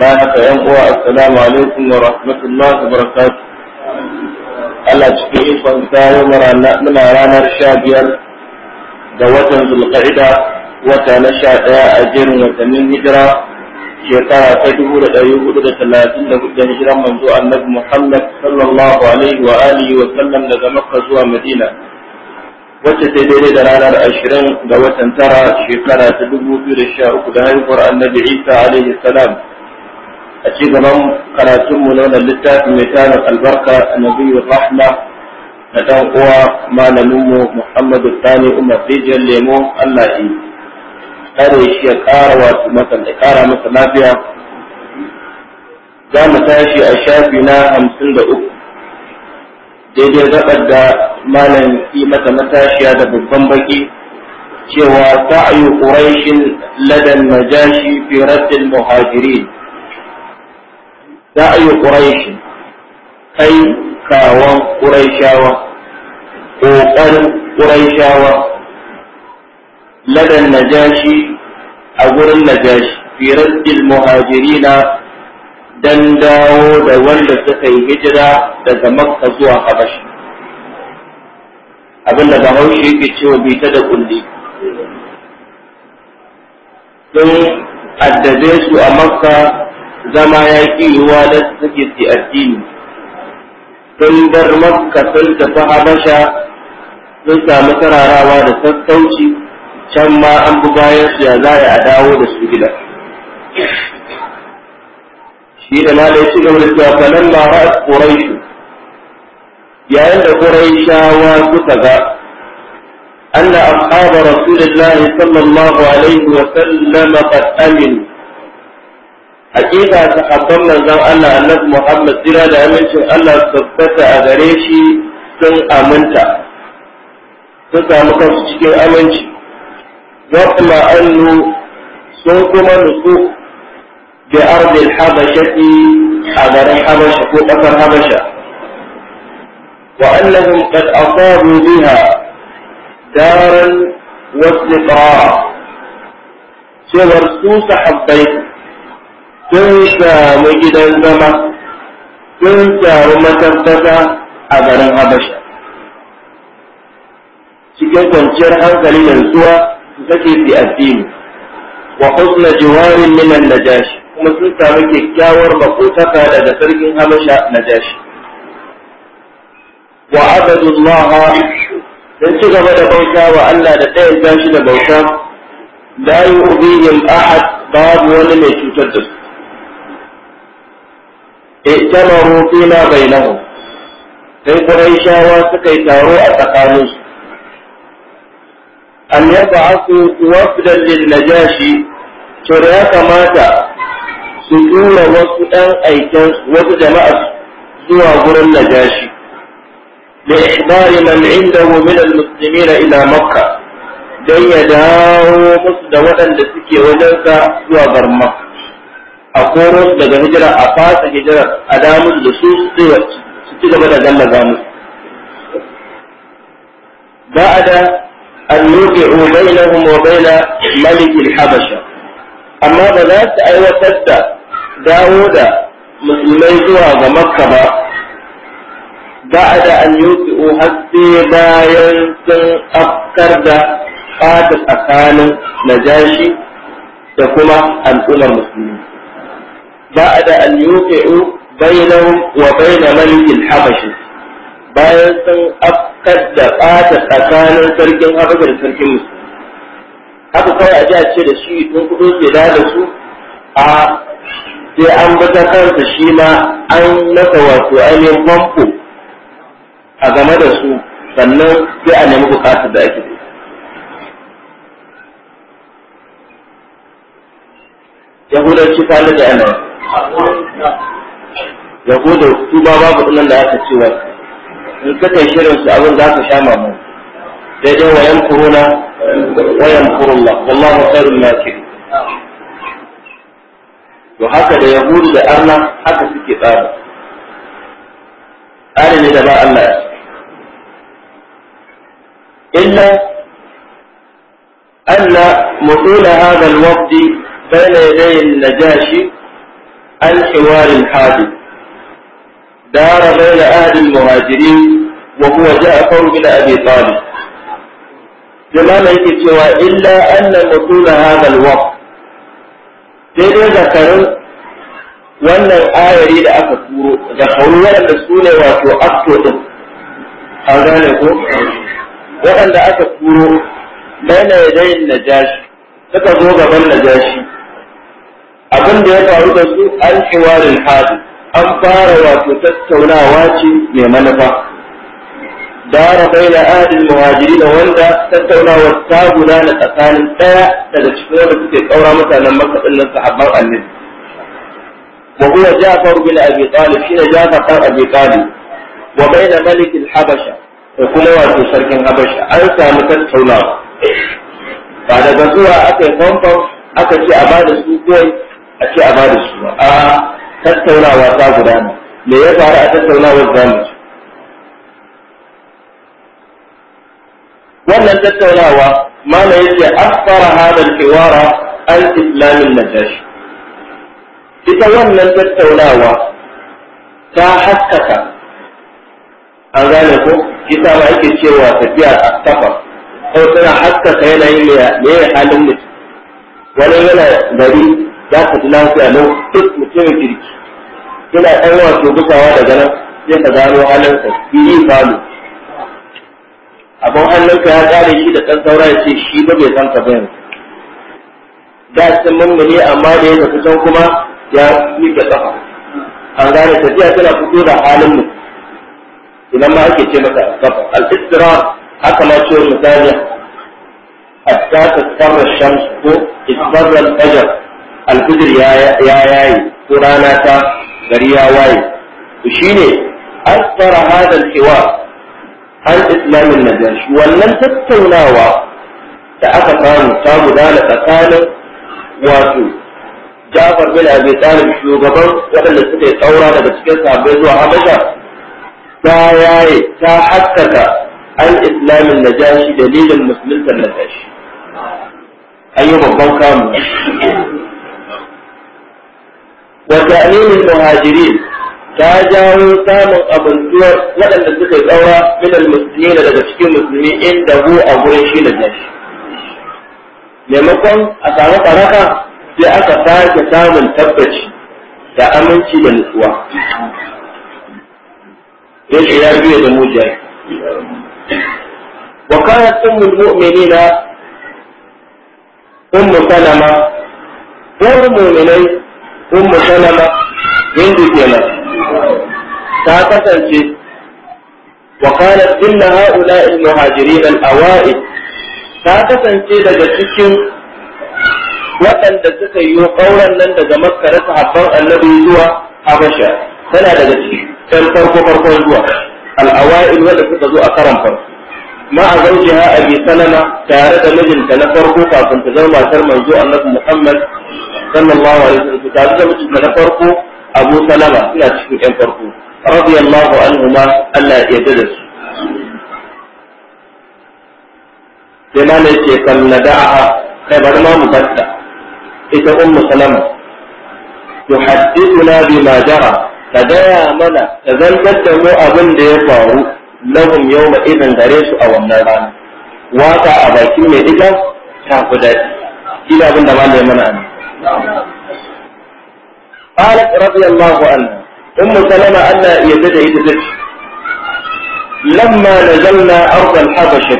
bayan haka yan uwa assalamu alaikum wa rahmatullahi wa barakatuh Allah cikin ikon kayo muna ranar sha biyar Da watan zulqa'ida wata na sha ɗaya a jerin watannin hijira shekara ta dubu da ɗari hudu da talatin da hudu da hijiran manzo annabi Muhammad sallallahu alaihi wa alihi wa sallam daga Makka zuwa Madina wacce ta daidai da ranar ashirin ga watan tara shekara ta dubu biyu da sha uku da haihuwar annabi Isa alaihi salam a ci gaban karatunmu na wannan littafi mai tarin albarka annabiyyu rahma na dan uwa malaminmu muhammadu sani umar rijiyar lemo allah yi tsare shi ya ƙara wasu masa da ƙara masa lafiya za mu tashi a shafi na hamsin da uku daidai gaɓar da malam yi mata matashiya da babban baki cewa sa'ayu quraishin ladan najashi fi raddil muhajirin سعي قريش أي كاوان قريشاوة قوقل قريشاوة لدى النجاشي أقول النجاشي في رد المهاجرين dan dawo da wanda suka yi hijira daga makka zuwa habashi abinda bahaushe yake cewa bita da kulle. sun addabe su a makka zama ya ƙi yiwuwa da suke ci addini sun bar makka sun tafi habasha sun samu tararawa da sassauci can ma an bi bayan su ya za a dawo da su gida shi da ma da ya ci gaba da cewa Ya ma ra'at quraishu yayin da quraishawa suka ga anna ashab rasulillahi sallallahu alaihi wa sallam qad aminu hakika sahabban manzon Allah annabi Muhammad jira da amincin Allah tabbata a gare shi sun aminta sun samu kansu cikin aminci wasma annu sun kuma nutsu bi ardil habashati a garin habasha ko kasar habasha wa annahum qad asabu biha daran wasliqa cewar su sahabbai sun samu gidan zama sun samu matabbata a garin habasha cikin kwanciyar hankali da zuwa su sake fi addini wa husna jiwarin minan najashi kuma sun samu kyakkyawar makotaka daga sarkin habasha najashi wa abadullaha sun ci gaba da bauta wa Allah da ɗaya tashi da bauta yi yu'bihim ahad babu wani mai cutar da su na fima bainahum sai quraishawa suka yi taro a tsakanin su an yab'athu wafdan lil najashi to da ya kamata su tura wasu dan aiken wasu jama'a zuwa gurin najashi da ihbari man indahu min al-muslimin ila makka dan ya dawo musu da waɗanda suke wajensa zuwa garin a koro daga hijira a fasa hijira a damu da su su ci gaba da zamu ba a da annuki rubai na humobai na Maliki habasha amma ba za su aiwatar da dawo da musulmai zuwa ga makka ba ba a da an sai bayan sun afkar da fata tsakanin najashi da kuma al'ummar musulmi بعد أن يوقعوا بينهم وبين ملك الحبشة bayan sun afkar da ɓata tsakanin sarkin Habasha da sarkin Musulmi. Haka kawai a ji a ce da shi in kuɗo ke da da su a sai an bi ta kansa shi ma an nasa wato ainihin famfo a game da su sannan sai a nemi bukatar da ake da Yahudanci kwanar da yanayi. yabo da ba babu ɗinan da aka cewa in ka kai shirin su abin za ka sha mamu sai dai wayan kuruna wayan kurullah wallahu khairul ke. to haka da yahudu da arna haka suke tsara tsari ne da ba Allah illa أن مطول هذا الوقت بين يدي النجاشي عن حوار حادث دار بين أهل المهاجرين وهو جعفر بن أبي طالب جمال يكتوى إلا أن مطول هذا الوقت سيدي ذكر wannan ayari da aka turo da kauri waɗanda su ne wato akto ɗin an gane ko waɗanda aka turo bayan yadayin najashi suka zo gaban najashi abin da ya faru da su an hiwarin hadu an fara wato tattaunawa ce mai manufa dara baina adin muhajiri da wanda tattaunawa ta gudana tsakanin ɗaya daga cikin wanda suke ƙaura mutanen maka ɗinnan sahabban annabi wa huwa jafar bin abi talib shine jafar dan abi talib wa baina malik habasha da kuma wato sarkin habasha an samu tattaunawa ba daga zuwa aka yi famfam aka ce a bada su kawai a ce a ba da su a tattaunawa ta gudana me ya faru a tattaunawar zamu wannan tattaunawa ma na yake asfara hadal hiwara an islamin najashi ita wannan tattaunawa ta haskaka an gane ko ita ma ake cewa tafiya a tafa ko tana haskaka yanayin ne halin mutum wani yana gari za ka ji lafiya nan duk mutumin kirki yana ɗan wato gusawa daga nan sai ka gano halinsa yi falo abin hannunka ya ƙare shi da ɗan saura ya ce shi ba bai san ka ba yanzu da sun mummune amma da ya tafi can kuma ya miƙa ƙafa an gane tafiya tana fito da halin mu idan ma ake ce maka ƙafa al-istira haka ma ce misali hatta tasfarra shamsu ko isfarra al-fajr alfijir ya yayi ko rana ta gari ya waye to shine asfara hada alhiwa an islamin najashi wannan tattaunawa da aka samu ta gudana tsakanin wato Jafar bin Abi Talib shugaban waɗanda suka yi tsaura daga cikin sahabbai zuwa Habasha ta yaye ta haskaka an islamin najashi dalilin musulunta najashi an yi babban kamu wa ta'limin muhajirin ta jawo samun abuntuwar waɗanda suka tsaura min al-musulmin almuslimin daga cikin musulmi inda hu a gurin shi da jashi maimakon a samu faraka sai aka sake samun tabbaci da aminci da nutsuwa yake ya biya da mujahi wa kana ummul mu'minina ummu salama ko mu'minai ummu salama hindu kenan ta kasance wa inna ha'ula'i muhajirin al-awa'id ta kasance daga cikin waɗanda suka yi ƙauran nan daga makka na sahabban annabi zuwa habasha tana daga cikin farko farkon zuwa al-awa'id wanda suka zo a karan farko ma'a zaujiha abi sanana tare da mijinta na farko kafin ta zama matar manzo annabi muhammad sallallahu alaihi wasallam tare da mijinta na farko abu salama suna cikin yan farko radiyallahu anhuma Allah ya yarda da su sai ma ne ce kallada'a kai bari ma mu batta ita ummu salama tuhaddithuna bima jara ta gaya mana ta zantar da mu abin da ya faru lahum yawma idan gare su a wannan rana waka a bakin mai diga ta fi daɗi ila abin da malai mana ne qalat radiyallahu anha ummu salama Allah ya da ita tace lamma na ardh al-habasha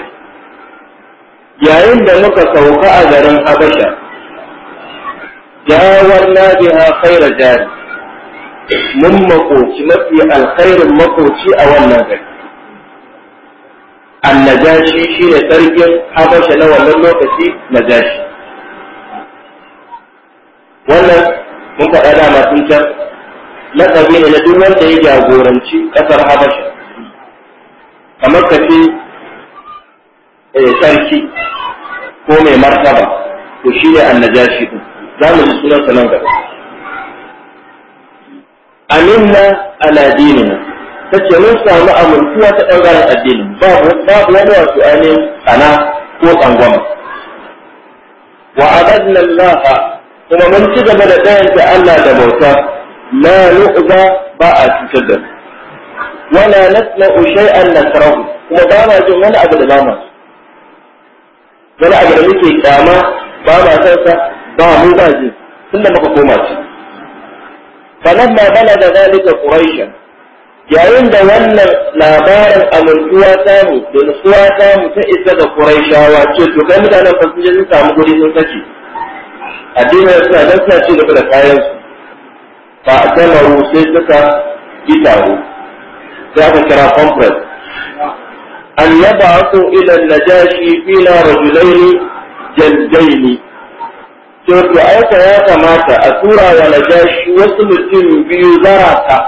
yayin da muka sauka a garin habasha jawarna biha khayra jari mun makoci mafi alkhairin makoci a wannan gari annajashi shi ne sarkin habasha na wannan lokaci najashi wannan mun faɗa dama sun can laƙabi ne na duk wanda ya jagoranci ƙasar habasha kamar ka ce eh, sarki ko mai martaba to shi ne annajashi ɗin za mu ji sunansa nan gaba aminna ala ta ce mun samu amintuwa ta ɓangaren addini babu babu wani wasu ainihin tsana ko tsangwama wa abadna Allah kuma mun ci gaba da ɗayanta Allah da bauta la nu'za ba a cutar da wala nasma'u shay'an nakrahu kuma ba ma jin wani abu da ba ma wani abu da muke kyama ba ma san sa ba mu ba ji tunda muka koma ci falamma balaga zalika quraishan yayin da wannan labarin amintuwa samu da nutsuwa samu ta isa ga Qurayshawa ce to kai mutanen fa sun je sun samu guri sun kace addinin suna nan suna ci gaba da kayan su fa samaru sai suka yi taro za ka kira conference an yab'athu ila najashi fina rajulain jaljaini to to aika ya kamata a tura wa najashi wasu mutum biyu zarata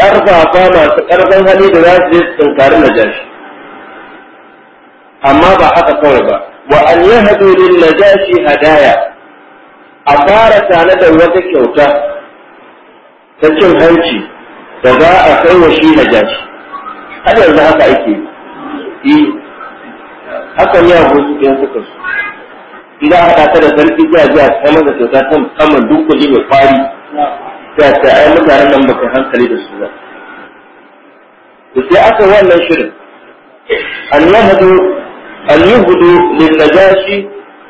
ƙarfafa masu ƙarfin hali da za su je su tunkari jashi amma ba haka kawai ba wa an yi haɗu lin na hadaya a fara tare da wata kyauta ta cin hanci da za a kai wa shi na jashi har yanzu haka ake yi eh, hakan ya hutu ɗin suka su idan aka ta da sarki jajiya ta masa kyauta ta musamman duk kuɗi mai kwari sai ta ai mutanen nan baka hankali da su ba sai aka wannan shirin annahdu al-yuhdu lin najashi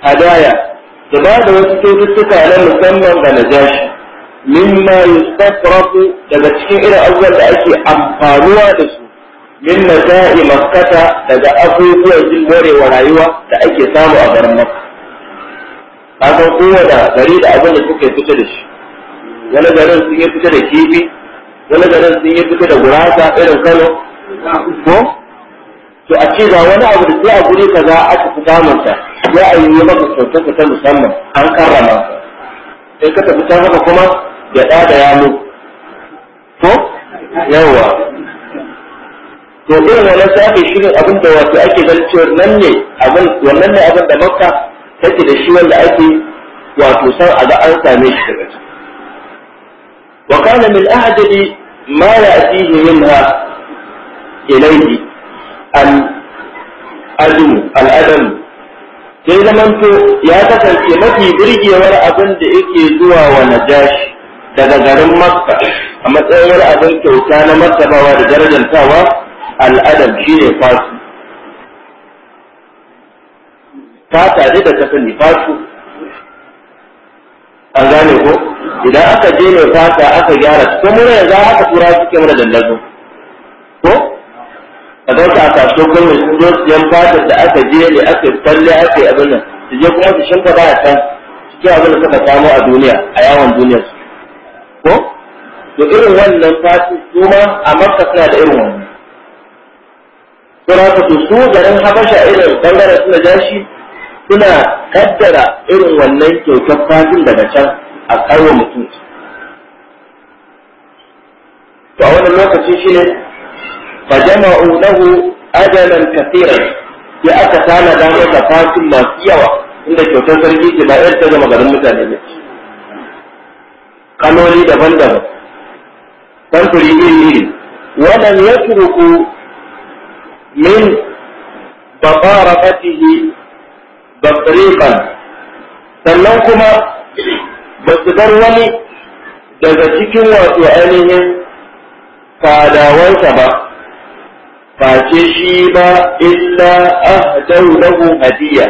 hadaya da ba da wasu kyaututtuka na musamman ga najashi mimma yustafraku daga cikin irin abubuwan da ake amfanuwa da su min naja'i makkata daga abubuwan jin morewa rayuwa da ake samu a garin makka kaga kowa da gari da abin da yi fita da shi wani garin sun yi fita da kifi wani garin sun yi fita da gurasa irin kano ko to a ce ga wani abu da sai a guri kaza aka fi samunta ya a yi maka kyautarsa ta musamman an karrama sai ka tafi can haka kuma da ɗa da yamu ko yawa to irin wannan sai aka shirin abin da wato ake ganin cewa nan ne abin wannan ne abin da makka take da shi wanda ake wato san a ga an same shi daga ciki وكان من أعجب ما يأتيه منها إليه الأدم الأدم sai na zamanto ya kasance mafi birgewar abin da yake zuwa wa najashi daga garin makka a matsayin wani abin kyauta na martabawa da darajantawa al'adab shi ne fasu Ta tare da ta sani fasu an gane ko idan aka je mai fata aka gyara ko mura yanzu aka tura suke mana dallazo ko a ga ta so kai su sun zo siyan fata da aka je ne aka talle aka yi abin nan su je kuma su shimfa ba a can ke abin da suka samu a duniya a yawon duniya ko to irin wannan fati su ma a makka suna da irin wannan sura to su garin habasha irin bangaren suna jashi suna kaddara irin wannan kyautar fatin daga can a ƙarwa mutum to a wannan lokaci shi ne fajama'u lahu ajalan kafiran ya aka tana da masa fatin masu yawa inda kyautar sarki ke ba yadda zama garin mutane ne kaloli daban-daban samfuri iri-iri wannan ya turku min babarafatihi basriqan sannan kuma ba su bar wani daga cikin wato ainihin fadawansa ba face shi ba illa ahdau lahu hadiya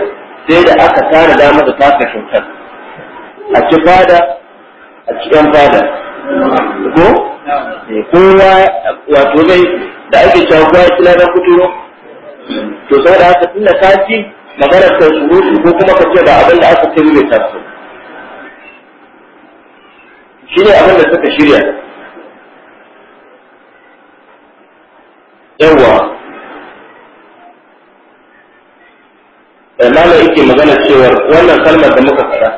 sai da aka tara da masa taka kyautar a ci fada a ci yan fada ko eh, kowa wato zai da ake cewa kowa ya kila na kuturo to sai da aka tunda kaci maganar kan surutu ko kuma ka ce ba abin da aka kai mai shi ne abin da suka shirya yawa mala yake magana cewa wannan kalmar da muka faɗa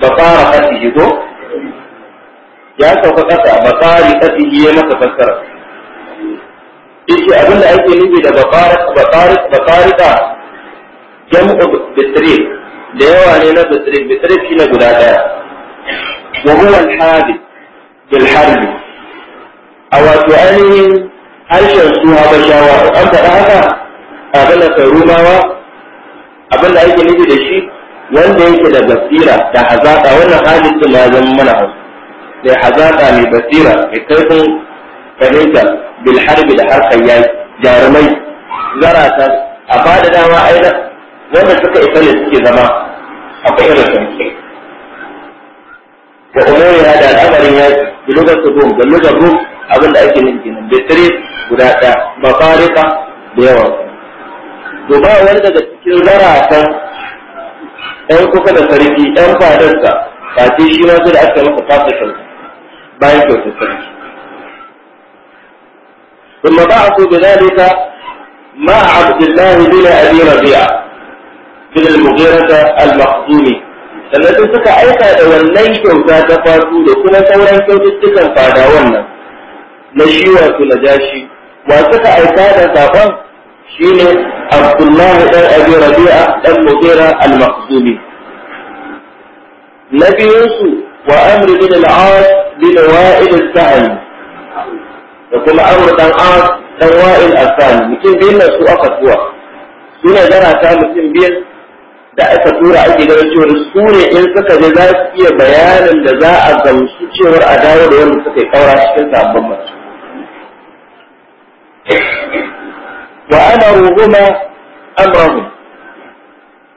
ba fara fasihi ko ya sauka ƙasa ba tsari fasihi yi masa fassara yake abin da ake nufi da bafarika jam'u bitrin da yawa ne na bitrin bitrin shi na guda ɗaya wa huwa al-hadi bil a wato ainihin harshen su habashawa an faɗa haka abin da rumawa abin da ake nufi da shi wanda yake da basira da hazaƙa wannan halin din ya zama mana hausa da hazaƙa mai basira mai kaifin fahimta bil harbi da harkar yaki jarumai zarata a fada dama aina wanda suka isa ne suke zama akwai irin wa umuri hada al'amarin ya da lugar ake daga cikin zaratan ɗan kuka da sarki ɗan fadarsa ba ce shi ma da aka masa fasa kyauta bayan kyautar sarki ثم بعث بذلك مع عبد الله بن ابي ربيعه بن المغيره المخزومي sannan suka aika da wannan kyauta ta fatu da kuma sauran kyaututtukan fada wannan na shi wato na jashi wa suka aika da saƙon ne Abdullahi ɗan Abi Rabi'a ɗan Mughira al Na biyunsu wa Amr bin al-As bin Wa'il al-Sahmi da kuma Amr dan As dan Wa'il al-Sahmi mutum biyun su aka tuwa suna jarata mutum biyun da aka tura ake ganin cewa su ne in suka je za su iya bayanin da za a gamsu cewar a dawo da wanda suka yi kaura cikin sabon mace wa amaruhuma amrahu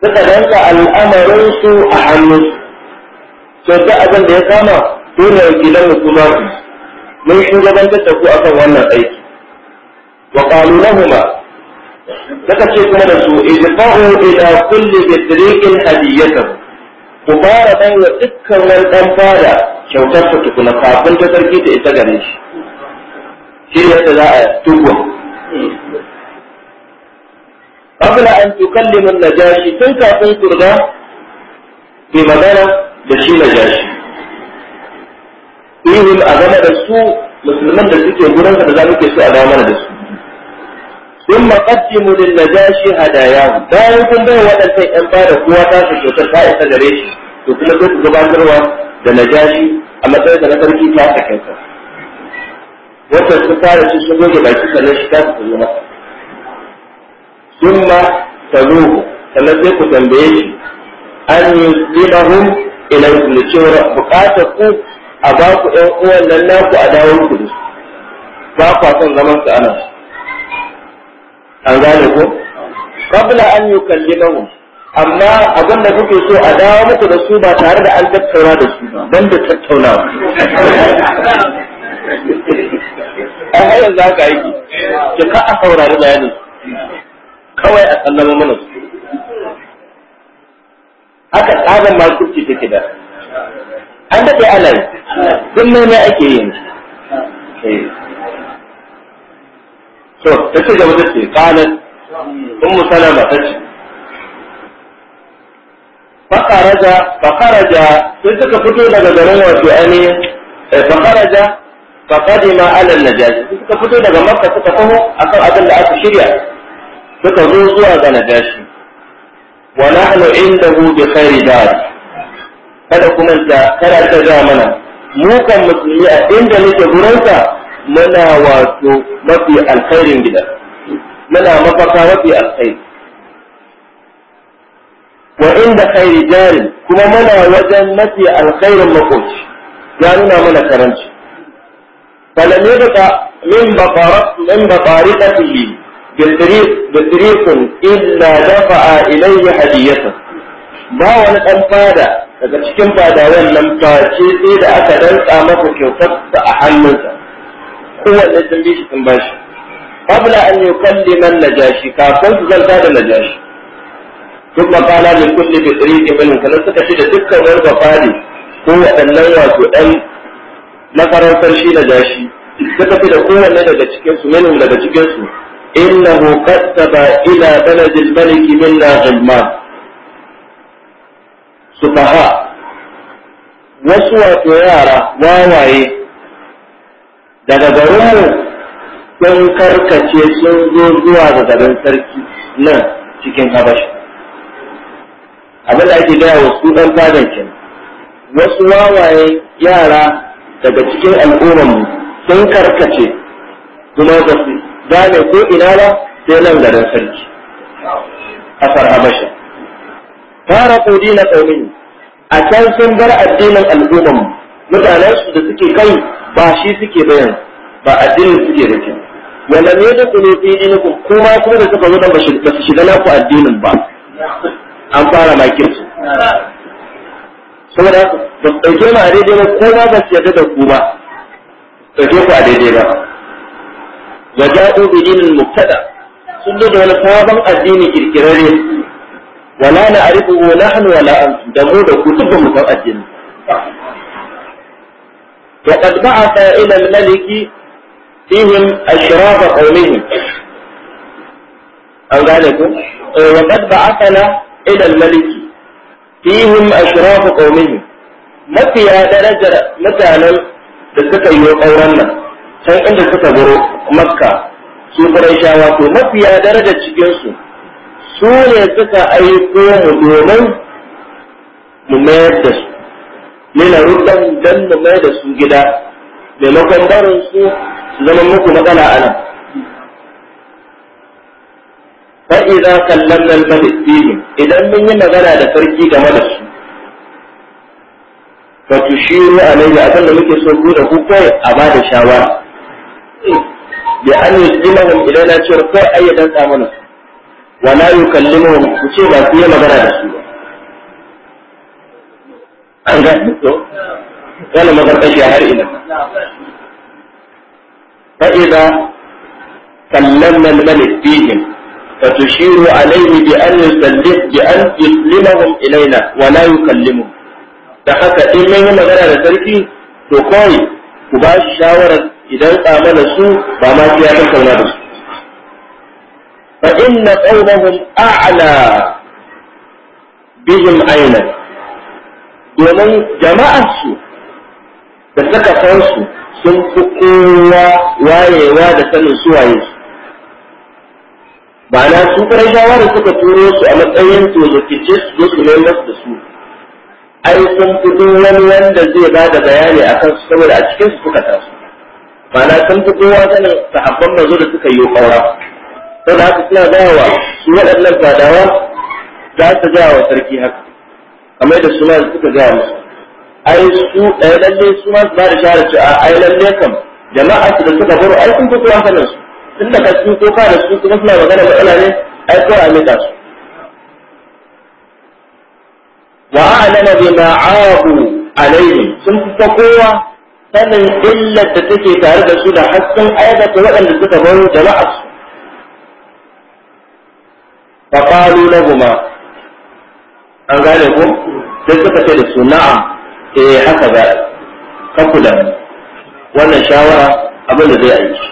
suka danka al'amarinsu su a hannunsu Sau da abin da ya kama dole gidan mu kuma mun shugabantar da ku akan wannan aiki wa qalu Saka ce kuma da su idfa'u ila kulli bidriqin hadiyatan ku fara bai wa dukkan wani dan fada kyautar ta tukuna kafin ta sarki ta ita gare shi. Shi yadda za a tuba. Qabla an tukallimu najashi tun kafin kurga ke magana da shi najashi. Ihun a game da su musulman da suke gurin da za muke so a zama da su. ثم قدموا للنجاشي هداياهم bayan kun bai waɗannan ƴan bada kowa ta su kyautar ta isa gare shi to kuma sai ku gabatarwa da najashi a matsayin da na sarki ta aka kyauta wata su fara su sun goge baki sannan shi ta su zama summa taluhu sannan sai ku tambaye shi an yi yuzlimahum ilaykum da cewa buƙatar ku a ba ku ƴan uwan nan naku a dawo ku ba kwa son zaman su a nan an gane ko qabla an yukallimahum amma abin da kuke so a dawo muku da su ba tare da an tattauna da su ba dan da tattaunawa a hayan za ka yi ki ka a saurari bayanin kawai a sallama mana su haka tsarin makurci take da an daɗe ana yi sun ne ake yin eh. to ta ce gaba ta ce kalan ummu salama ta ce fakaraja fakaraja sai suka fito daga garin wato ainihin eh, fakaraja fakadima alal najashi suka fito daga makka suka taho akan abin da aka shirya suka zo zuwa ga najashi wa nahnu indahu bi khairi dar kada kuma ta kada ta ga mana mu kan musulmi a inda muke gurinsa muna wato mafi alkhairin gida muna mafaka mafi alkhairi wa inda khairi jari kuma muna wajen mafi alkhairin makoci ya nuna mana karanci falam yabqa min baqarat min baqaratihi بالطريق بالطريق إلا دفع إليه هديته ba wani ɗan fada daga cikin fadawan nan face sai da aka danka masa kyautar a hannunsa kowanne sun bi shi sun ba shi qabla an yukalliman najashi kafin su zanta da najashi duk makala min da bi ke min kana suka ce da dukkan wani bafari ko waɗannan wato ɗan na shi shi najashi suka fi da kowanne daga cikin su minhum daga cikin su innahu qattaba ila baladi al min minna ghilman sufaha wasu wato yara wawaye daga garinmu sun karkace sun zo zuwa ga garin sarki nan cikin habashi abin da ake gaya wa su ɗan fadan wasu wawaye yara daga cikin mu sun karkace kuma ba su gane ko ina ba sai nan garin sarki kasar habashi fara kudi na ƙaunin a can sun bar addinin mu. mutanensu da suke kai ba shi suke bayan ba addinin suke ke wanda ne da ku ne fi dinikum kuma kuma da suka zo da ba su shiga naku addinin ba an fara makin su saboda haka ba su ɗauke ma a daidai ba ko ma ba su yadda da ku ba ɗauke ku a daidai ba wa ja'u da dinin muktada sun da wani sabon addini kirkirare wala na arifu wala hannu wala an da mu da ku duk ba mu san addinin وقد بعث إلى الملك فيهم أشراف قومهم أو ذلك وقد بعثنا إلى الملك فيهم da suka yi ƙauran nan can inda suka baro makka su shawa to mafiya daraja cikinsu su ne suka aiko mu domin mu mayar da su lina ruddan dan mu mai da su gida maimakon barin su su zama muku matsala a nan fa idza kallamna al-malik idan mun yi magana da sarki game da su fa tushiru alayhi akan da muke so ku da ku kai a ba da shawara bi an yuslimahum idan na cewa ko ayyadan tsamana wala yukallimuhum ku ce ba ku yi magana da su ba an ga to wala magarkashi har ina fa idza kallamna al-malik fihim فتشير عليه بأن يسلم بأن يسلمهم إلينا ولا يكلمهم da haka in mun yi magana da sarki to kawai ku ba shi shawarar idan tsamana su ba ma sai ya tattauna da su fa inna qawmahum a'la bihim ayna domin jama'arsu da suka san su sun fi kowa wayewa da sanin suwaye su ba su shawar da suka turo su a matsayin tozokice su zo su nemar da su ai sun fi wani wanda zai ba da bayani a kan su saboda a cikin su suka taso Ba sun fi kowa sanin sahabban manzo da suka yi ƙaura saboda haka suna gawa su waɗannan fadawa za su gawa sarki haka kamar da suna suka gaya musu ai su ɗaya lalle su ma ba da shahara a ai lalle kam jama'a su da suka baro ai sun fito hankalin su tun da kasu ko ka da su kuma suna magana matsala ne ai ko a mika su wa a'lana bima aabu alayhi sun fita kowa sanin illar da take tare da su da hasken aikata waɗanda suka baro jama'a su fa qalu lahumu an gane ko sai suka ce da su na'am eh haka ba, ka kula wannan shawara abin da zai aiki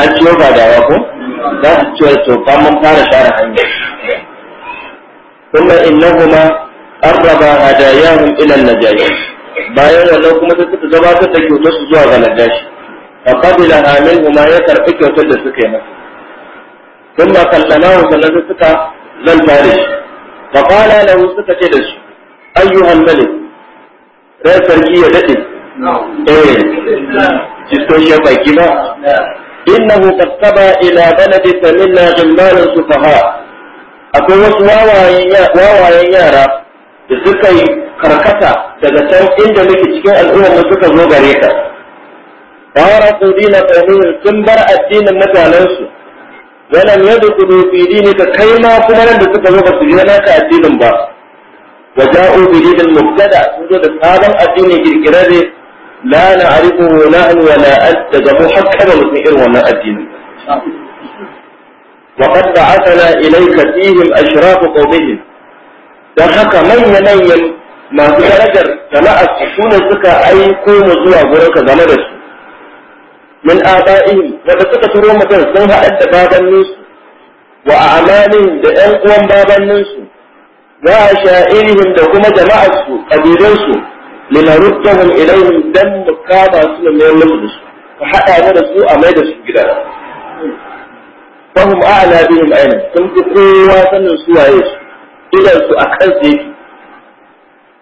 an ciwo ba da dawa ko za su ciwo to fa mun fara share hanyar kuma innahuma arraba hadayahum ila na najashi bayan wannan kuma sai suka gabatar da kyautar su zuwa ga najashi fa qabila minhuma ya karbi kyautar da suka yi masa kuma kallamahu sannan suka zanta da shi fa qala lahu suka ce da shi ayyuhan malik sai sarki ya dade eh jistoshi ya baki ba innahu qad saba ila baladi samilla ghilmanan sufaha akwai wasu wawayen yara da suka yi karkata daga can inda muke cikin al'ummar mu suka zo gare ka fara dina qawmin sun bar addinin mutanensu walam yadkhulu fi ka kai ma kuma nan da suka zo ba su yi naka addinin ba wa ja'u bi da mubtada sun da sabon addinin kirkirare lana na'rifu na'an wa la anta ga mu hakkaba mutum irin wannan addinin wa qad ba'athana ilayka fihim ashraf qawmihim dan haka manya manyan masu darajar jama'ar su suka aiko mu zuwa gurinka game da su min aba'ihim wanda suka turo mutum sun haɗar da babanninsu wa da 'yan uwan babanninsu wa sha'irihim da kuma jama'arsu kabilansu linaruddahum ilaihim dan mu kama su mu haɗa mu su a mai da su gida fahum a'la bihim aina sun fi kowa sanin su waye su idan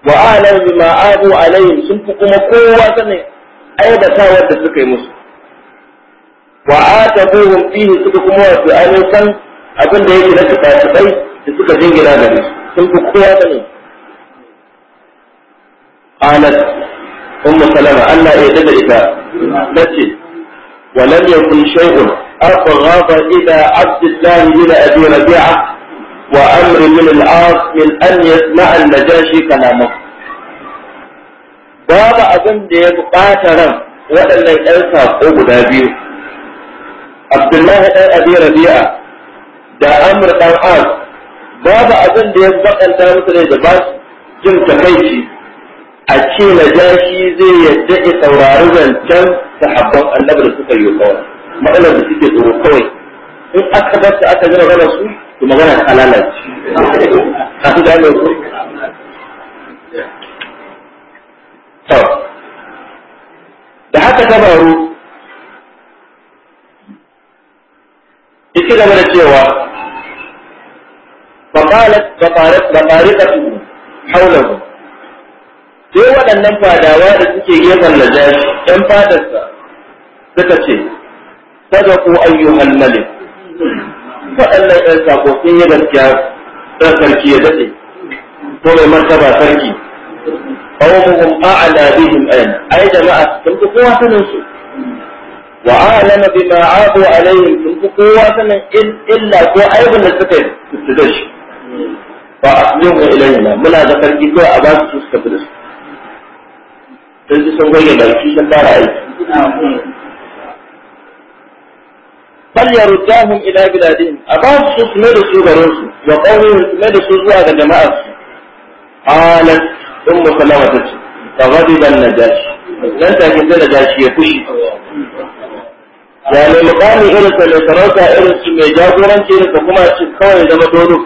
wa a'la bima abu alaihim sun fi kuma kowa sanin da suka yi musu wa atabuhum fihi suka kuma su ainihin san abin da yake na tafasabai da suka jingina gare sun fi kowa da ne qalat ummu musalama, Allah ya dada ita nace wa lam yakun shay'un Abdullahi إلى عبد الله من أبي ربيعة وأمر من min an أن يسمع najashi كلامه babu abin da ya bukata ran waɗannan ƴan saƙo guda biyu abdullahi dan abi rabi'a da amr dan as babu abin da ya bakanta musu da ba jin takaici a ce na jashi zai yadda ya saurari zancen sahabban annabi da suka yi kawai matsalar da suke tsoro kawai in aka bar ta aka gina magana su to magana ta ce a su gane su da haka ta faru Iki gaba da cewa faƙalat baƙariƙatu haulahu sai waɗannan fadawa da suke gefen najashi ɗan fadarsa suka ce sadaku ayyuhan malik waɗannan ɗan sako sun yi gaskiya ɗan sarki ya daɗe ko mai martaba sarki qawmuhum a'ala bihim ayn ai jama'a sun fi kowa sanin su wa alama bima abu alayhi sun ku kowa sanin illa ko aibin da suka yi da shi ba a yin wa ilayna muna da farki ko a ba su suka fi da su sun ji sun goge baki sun fara aiki bal yarudahum ila biladihim a ba su su ne da su garin su wa qawmin su ne da su zuwa ga jama'ar su alat ummu salama tace fa ghadiba an-najashi nan take da najashi ya fushi ya ne mukami irin sa mai sarauta irin su mai jagoranci irin sa kuma shi kawai zama dodo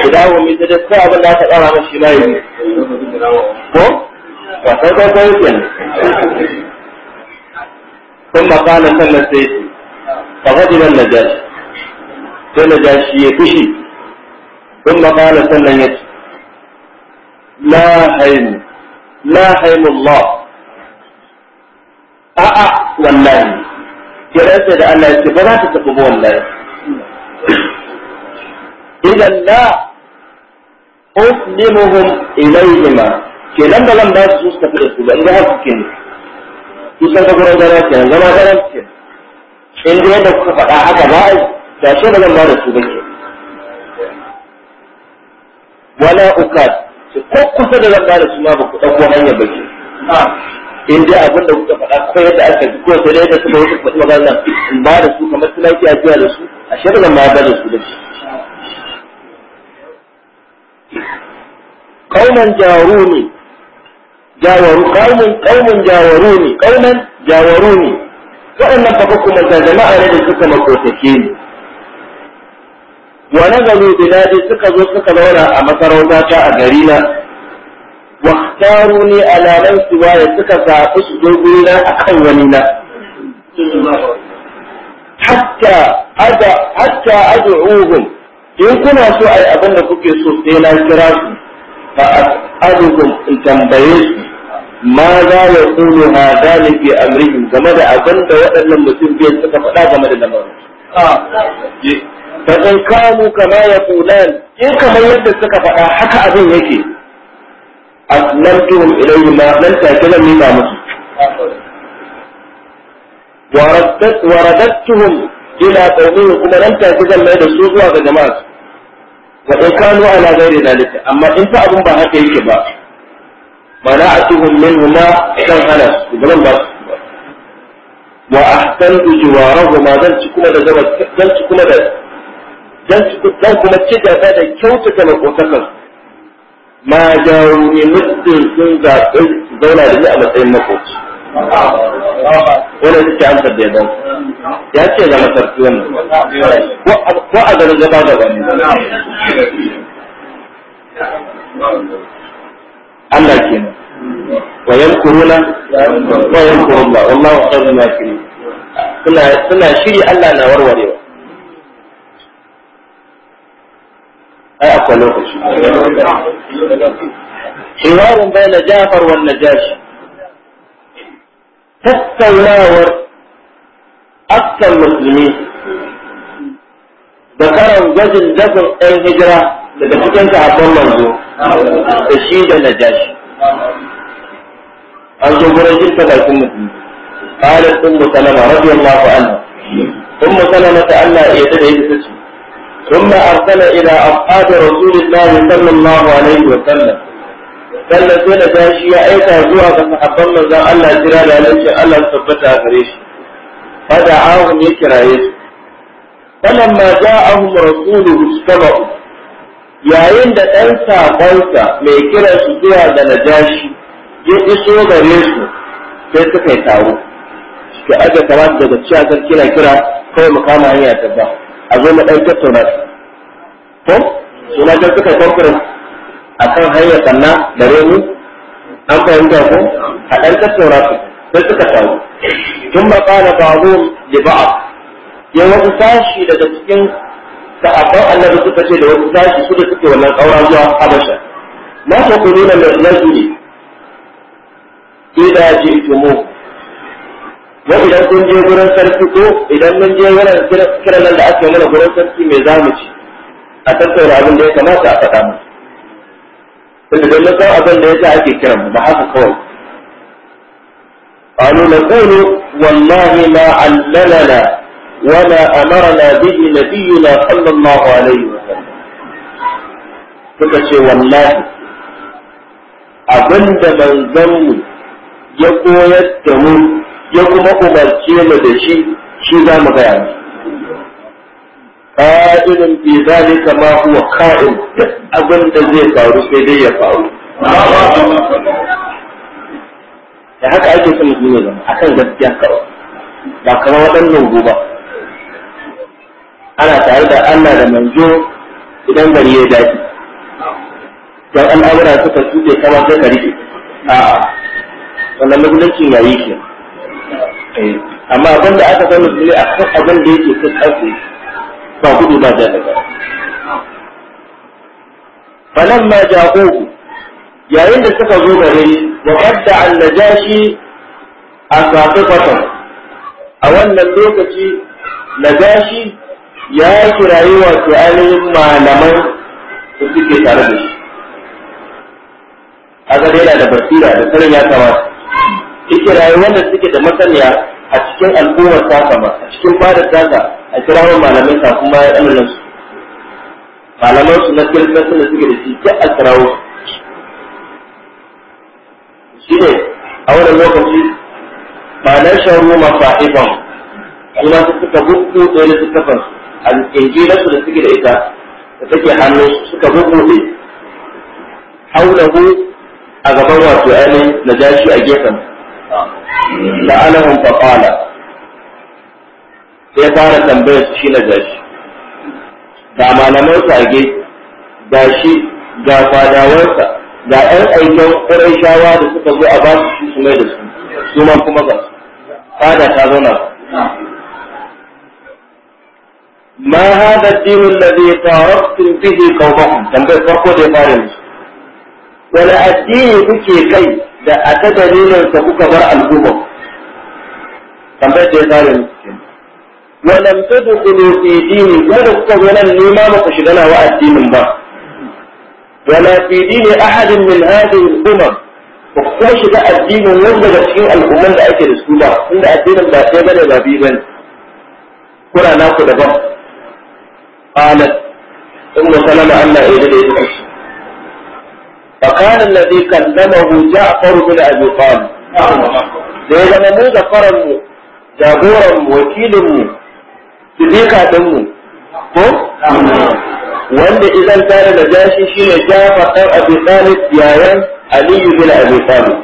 ku dawo mai ta dasta abin da aka tsara mashi ma yi ko ba sai kai kai ke kun makana sannan sai ba gaji ban na jashi sai na jashi ya fushi kun makana sannan ya ce la haimu la haimu Allah a'a wallahi ya rantsa da Allah yake ba za ta tafi ba wallahi idan la uslimuhum ilayhima ke nan da nan ba su su tafi da su ba idan haka kenan san ka gura gara ke zama gara ke in da yadda kuka faɗa haka ba ai da shi ba zan ba da su ba ke wala ukat ko kusa da zan ba da su ma ba ku ɗauko hanyar ba ke in dai abin da kuka faɗa ko yadda aka ji ko sai yadda suka yi faɗi magana in ba da su kamar suna ki ajiya da su a shirin ma ba da su da shi kauman ne jawaru kaumun kaumun jawaruni kauman ne waɗannan fa kuma da jama'a ne da suka makotake ni wa nazaru biladi suka zo suka zauna a masarauta a garina واختاروا لي على من سواي سكا ساقس دوبينا أكن ونينا حتى أدع حتى أدعوهم إن كنا سوء أبن كوكي سوسينا الكراس فأسألهم إن تنبيس ماذا يقول هذان في أمرهم كما دا أبن دا وأن المسلم بيه لا فلا كما دا فإن كانوا كما يقولان إن كما يبدأ سكا فلا حكا أبن يكي aslamtuhum ilayhi ma nan take zan nuna musu waradattuhum ila qawmihi kuma nan take zan mai da su zuwa ga jama'a wa in kanu ala ghairi zalika amma in fa abun ba haka yake ba mana'atuhum minhuma kan hana su gaban ba wa ahsantu jiwarahuma zan ci kuma da zan ci da zan kuma ci gaba da kyautata makotakansu ma jawo ne muddin sun zaɓi su zauna da ni a matsayin makoci wanda suke amsar da yadda ya ce ga masarfi wannan ko a garin gaba gaba ne Allah ke nan wa kuruna? wa yankurullah wallahu khairul makirin suna suna shiri Allah na warwarewa حوار بين جعفر والنجاشي والنجاش الناور أكثر المسلمين ذكروا جزل جزل الهجرة لذلك كنت عبد الله جو تشيد النجاشي أرجو برجل كذا كم قالت أم سلمة رضي الله عنها أم سلمة أن تدعي بسجن ثم أرسل إلى أصحاب رسول الله صلى الله عليه وسلم sallan sai da tashi ya aika zuwa ga sahabban manzon Allah jira da lalle Allah tabbata a gare shi fada ahum ya kiraye su falamma ja'ahum rasuluhu sabau yayin da ɗan sakonsa mai kira su zuwa ga najashi ya iso gare su sai suka yi taro suka aje kamar daga cewa kira kira kawai mu kama hanya ta a zo na ɗan tattauna ko suna da suka conference a kan hanyar sanna da remu an fahimta ko a ɗan tattauna su sai suka samu tun ba ƙana ba'adun da ba'a ya wasu sashi daga cikin sahabban annabi suka ce da wasu sashi su da suke wannan ƙaura zuwa habasha na ta kuluna da rajuli إذا جئتموه wa idan kun je gurin sarki ko idan mun je wurin kiran nan da aka mana gurin sarki me za mu ci a tattauna abin da ya kamata a faɗa mu tunda don mun san abin da ya sa ake kiran mu ba haka kawai قالوا نقول والله ما علمنا وما أمرنا به نبينا صلى الله عليه وسلم suka ce wallahi abinda manzanmu ya koyar da mu ya kuma umarce mu da shi shi za mu gaya mu ƙa'ilin fi zalika ma huwa ka'il duk abin da zai faru sai dai ya faru da haka ake son mu ya zama akan gaskiya kawai ba kamar waɗannan ba. ana tare da Allah da manzo idan gari ya dace dan al'amura suka tuɗe kamar sai ka rike a wannan mugunancin yayi shi Eh, amma abin da aka sani su a kan abin da yake kan ƙarfi ba gudu ba da daga falan ma jagogu yayin da suka zo gare wa kadda an najashi a safiqatan a wannan lokaci najashi ya rayuwa wato ainihin malaman su suke tare da shi a yana da basira da sanin ya kamata yake rayuwar wanda suke da masaniya a cikin al'ummar saka ba a cikin fadar saka a kirawo malamai kafin ma ya ɗanunan su malaman su na kirkirkin da suke da shi ta a kirawo shi ne a wani lokaci ba na sharu mafa'ifan kuma su suka buɗe ɗaya da suka fan su da suke da ita da take hannun suka buɗe haulahu a gaban wato ainihin jashi a gefen la'anahum fa qala sai fara tambayar shi na gashi ga malaman sage ga shi ga fadawarsa ga ɗan aikin ƙurayshawa da suka zo a basu shi su mai da su su man kuma ga fada ta zauna ma hada dinu alladhi taraktum bihi qawmakum tambayar farko da ya fara musu wani addini kuke kai da a ta dalilin sa kuka bar al'umma tambayar da ya tsare musu wa lam tadkhulu fi dini kuma da kuka zo nan ne ma ba shiga nawa addinin ba wa la fi dini ahadin min hadhihi al-umam ba kuma shiga addinin wanda daga cikin al'umman da ake da su ba inda addinin ba sai bane ba bi bane na naku daban qalat ummu salama Allah ya dade ta فقال الذي كلمه جعفر بن أبي طالب da ya zama mu gafaranmu jagoranmu wakilinmu sidikaɗinmu ko wanda idan tare da jashi shi ne jafa ɗan abu talib yayan aliyu bin abu talib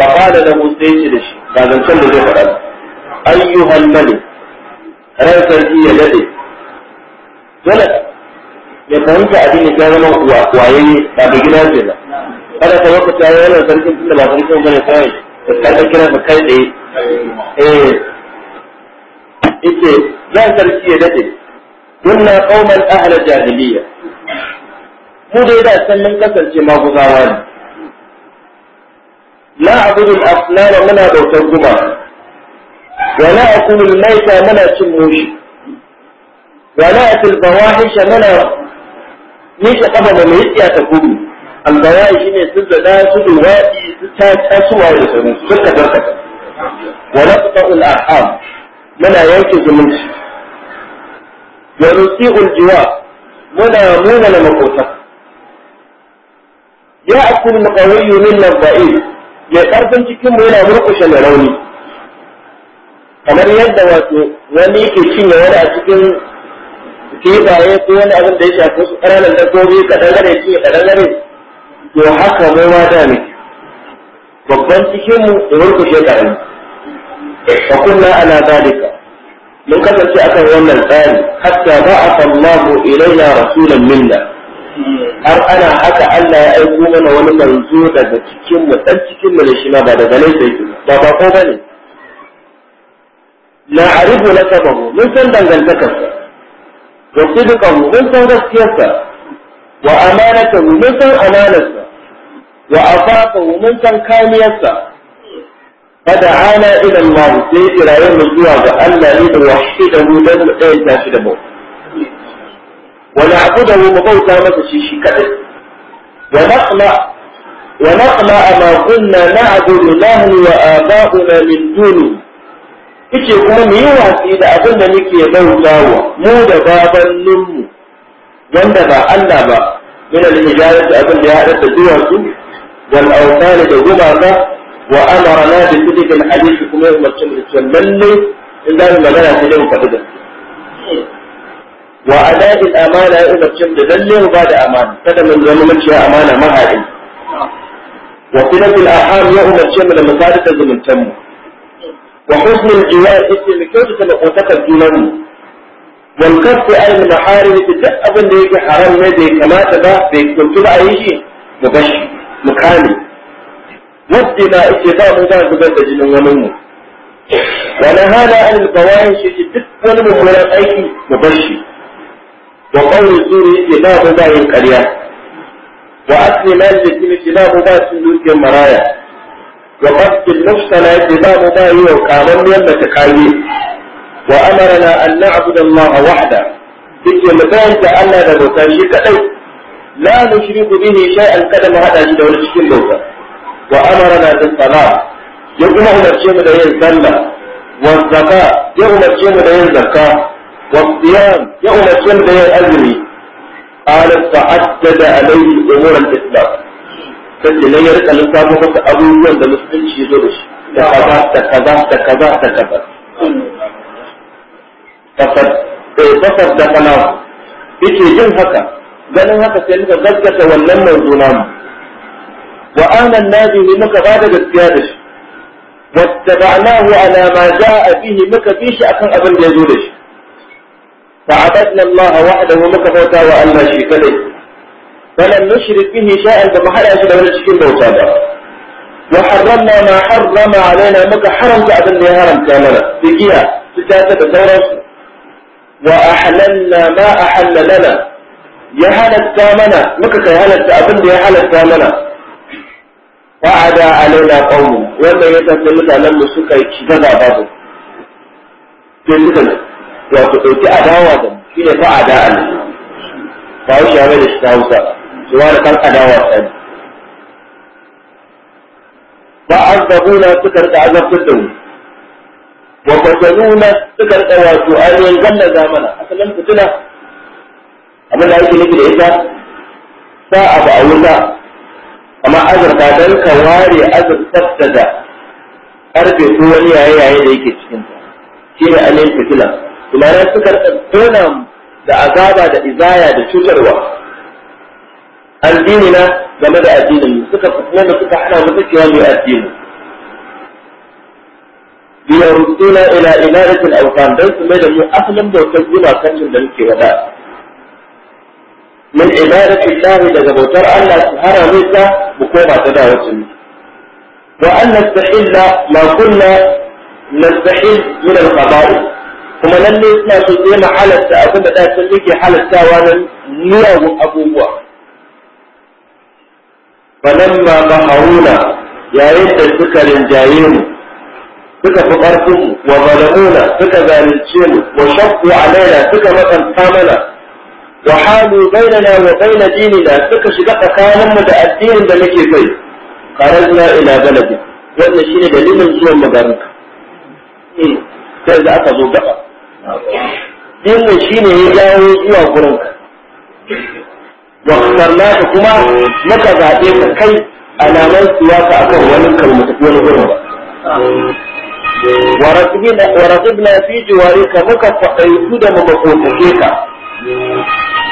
fa da lahu sai ce da shi ba zancen da zai faɗa ayyuhal malik ran sarki ya dade dole ya fahimta addini ta zama waye ne ba da gina ce ba kada ta yi ya yana sarkin da ba sarkin wani kawai da kada kira ka kai tsaye eh yace ya sarki ya dade kunna qauman ahla jahiliya mu dai da san mun kasance maguzawa ne la abudu al-asnama muna bautar guma wa la akulu al-maita muna cin mushi wa la atil fawahisha muna miƙe kafa da mai tsiya ta gudu shi shine sun zada su duwadi su ta tasuwa da sauran su suka barkata wa naqta'ul arham muna yanke zumunci wa nusi'ul jiwa muna nuna na makota ya akul muqawiyyu min nabai ya karfin cikin mu yana murkushe da rauni kamar yadda wato wani ke cinye wani a cikin kebaye ko wani abin da ya shafi su ƙananan dabbobi ka dangane shi ka dangane to haka mai ma da ne babban cikin mu da wurkushe ƙarami fa kunna ala dalika mun kasance akan wannan tsari hatta ba a sallahu ilaina rasulan minna har ana haka Allah ya aiko mana wani manzo daga cikin mu dan cikin mu ne shi ma ba daga nesa yake ba ba ko bane na arifu nasabahu mun san dangantakarsa wa sidqahu mun san gaskiyarsa wa amanata mun san amanarsa wa afaqahu mun san kamiyarsa fada'ana ila Allah sai kiraye mu zuwa ga Allah ne da wahidahu dan mu ɗaya shi da bauta wa na'budahu mu bauta masa shi shi kadai wa naqla ونقلع ما كنا نعبد نحن وآباؤنا من دونه yace kuma mu yi watsi da abin da muke bautawa mu da babanninmu wanda ba Allah ba min al-hijarat abin da ya hada da duwatsu wal awtan da gumaka wa amarna bi sidq al-hadith kuma ya umarci mu da lalle in da magana ta dai faɗi da wa ada'i al-amana ya umarci da lalle mu ba da amana kada mun zama maciya amana mahadin wa kila fil aham ya umarci mu da musadatar zumuntanmu wa husnul iman yake da kyautata makotakar junanmu wal kafi al maharim duk abin da yake haram ne bai kamata ba bai kuntu ba a yi shi mu bashi mu kame wadda na yake ba mu ba zubar da jinin mu wani hana an alkawayin shi duk wani mummunan aiki mu bashi wa kawai zuri yake ba mu ba yin ƙarya wa asli mal da kimi ba mu ba sun maraya وقصد المحصنات إمام ما يوكامن يمة كاية وأمرنا أن نعبد الله وحده بك يمتان تألا نبوتان شكأي لا نشرك به شيئا قدم هذا جدا ونشكين لوكا وأمرنا بالصلاة يقوم أمر شيم دين صلى والزكاة يقوم شيم دين زكاة والصيام يقوم شيم دين أزمي قال فعدد عليه أمور الإسلام sai ya rika lissafo masa abubuwan da musulunci ya zo da shi da kaza da kaza da kaza da kaza fasar da kana yake jin haka ganin haka sai muka gaskata wannan manzo namu wa anan nabi ne muka ba da gaskiya da shi wattaba'nahu ala ma ja'a bihi muka bi shi akan abin da ya zo da shi fa'abatna Allah wahdahu muka bauta wa Allah shi kadai falan nushrik bihi shay'an da mu hada shi da wani cikin bauta ba wa harramna ma harrama alaina muka haramta abin da ya haramta mana bigiya fitata da sauransu wa ahlalna ma ahalla lana ya halatta mana muka kai halatta abin da ya halatta mana fa'ada alaina qaumu wannan ya tafi mutanen mu suka yi adawa da ba da hausa wani kan adawa tsani ba azabuna suka rika azabtar da mu wa fatanuna suka rika wato ainihin zanna zamana asalin fitina abin da ake nufi da ita sa abu a wuta amma azurta don ka ware azurtar da karfe ko wani yaye yaye da yake cikin ta shi ne ainihin fitila tunanin suka tona da azaba da izaya da cutarwa الديننا كما دا الدين المسكة فتنين مسكة حنا ومسكة يوم يؤدينه ليرسونا إلى اداره الأوطان بيس ميدا مو أفلم دو كذبنا كنشن دنك وداء من اداره الله إذا جبوتر الله سهر ميسا بكوبة تدا وجن وأن نستحل ما كنا نستحل من القبائل كما لن يسمع شو زيما حالة أفلم دا سلوكي حالة سوانا نوع أبوه falamma Haruna yayin da suka rinjaye mu suka fi ƙarfin wa balamuna suka zalunce mu wa shakku alaina suka matsanta mana wa halu bainana wa baina dinina suka shiga tsakaninmu da addinin da muke kai kharajna ila baladi wannan shine dalilin zuwan magarinka sai da aka zo gaba dinin shine ya jawo zuwa gurinka da kusurna ka kuma maka zaɓe ka kai alamar suwa ka a kan wani kalmu tafi wani gurin ba. Warasu bin fi jiware ka muka faɗaitu da mu mako tafi ka.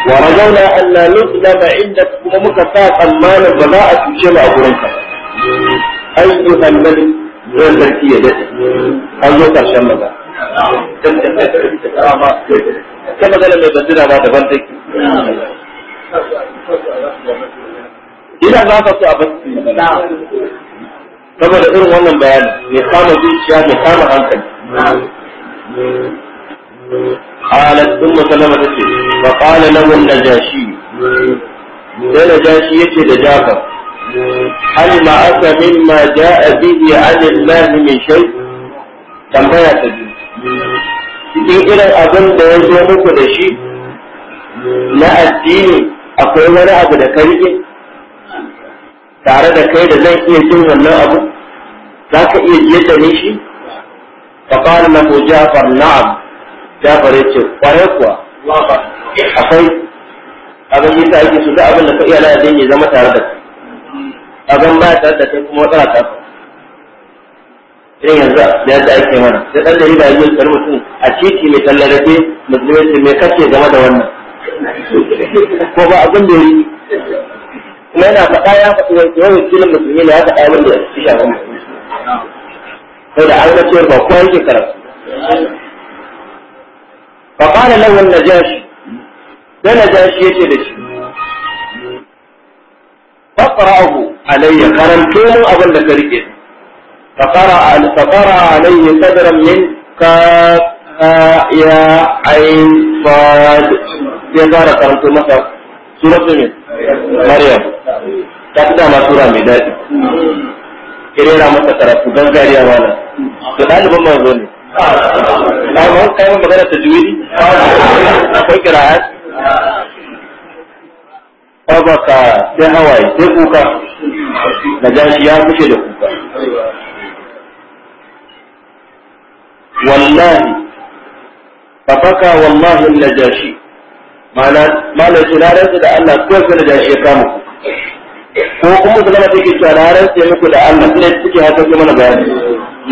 Warazauna Allah nufina ba inda kuma muka sa tsammanin ba za a cuce mu a gurin ka. Ai, su hannun zuwan sarki ya daɗe, an zo ƙarshen maza. Ta magana mai bandira ba daban take. idan za ka so a basu saboda irin wannan bayanin mai kama zuciya mai kama hankali قالت ثم سلمة فقال له النجاشي sai da jashi yake da jafar hal ma aka mimma ja'a bihi an Allah min shay tambaya ta biyu cikin irin abin da ya zo muku da shi na addini akwai wani abu da ka rike tare da kai da zan iya cin wannan abu za ka iya jiye da ni shi fa qala lahu jafar na'am jafar ce, kwarai kuwa akwai abin yi ta yake su da abin da ka iya lalata ya zama tare da abin ba tare da kai kuma matsala ta irin yanzu da yadda ake mana sai ɗan yi ya yi mutum a titi mai tallarafe musulmi mai kace game da wannan ko ba abin da yi kuma yana faɗa ya faɗi wani wakilin musulmi ne ya faɗa abin da shi shafin musulmi sai da an ga ba kowa yake karatu فقال له النجاشي ده نجاشي abu a فقرأه علي قرنتو من أبن ذكريك فقرأ, فقرأ عليه قدرا min ka ya ayin fad sai fara karanto masa suratul ne maryam ta fi dama sura mai daɗi kirera masa karatu gangariya wala to ɗaliban zo ne kai mun kai mun magana tajwidi akwai qira'at abaka sai hawaye sai kuka na jashi ya kushe da kuka wallahi fabaka wallahi na jashi, ce na rantsa da Allah ko sai jashi ya kama ku ko kuma su lama take cewa na muku da Allah sai suke haka su mana bayani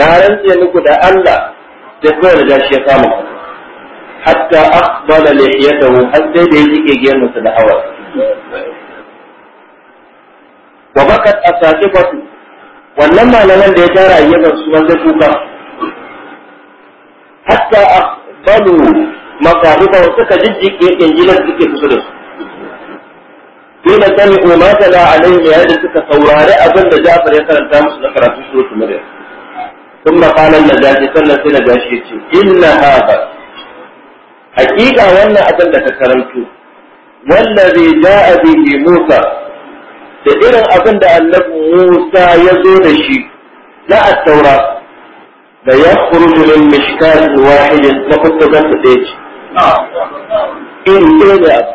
na rantsa muku da Allah da kuma najashi ya kama ku hatta aqbala lihiyatahu har sai da yake gemun sa da hawa wa bakat asaqifatu wannan malaman da ya tara yaban su wanda kuka hatta falu masahifa suka jijjike injilar suke kusa da su kila sami umata la alayhi ya da suka saurari abin da Jafar ya karanta musu na karatu suratul Maryam thumma qala an-najashi sannan sai ya ce, inna hadha haqiqa wannan abin da ka karanto wallazi a bihi Musa da irin abin da annabi Musa ya zo da shi na a taurat da ya kuruji min mishkan wahidin makwabta su ɗaya ce. ɗaya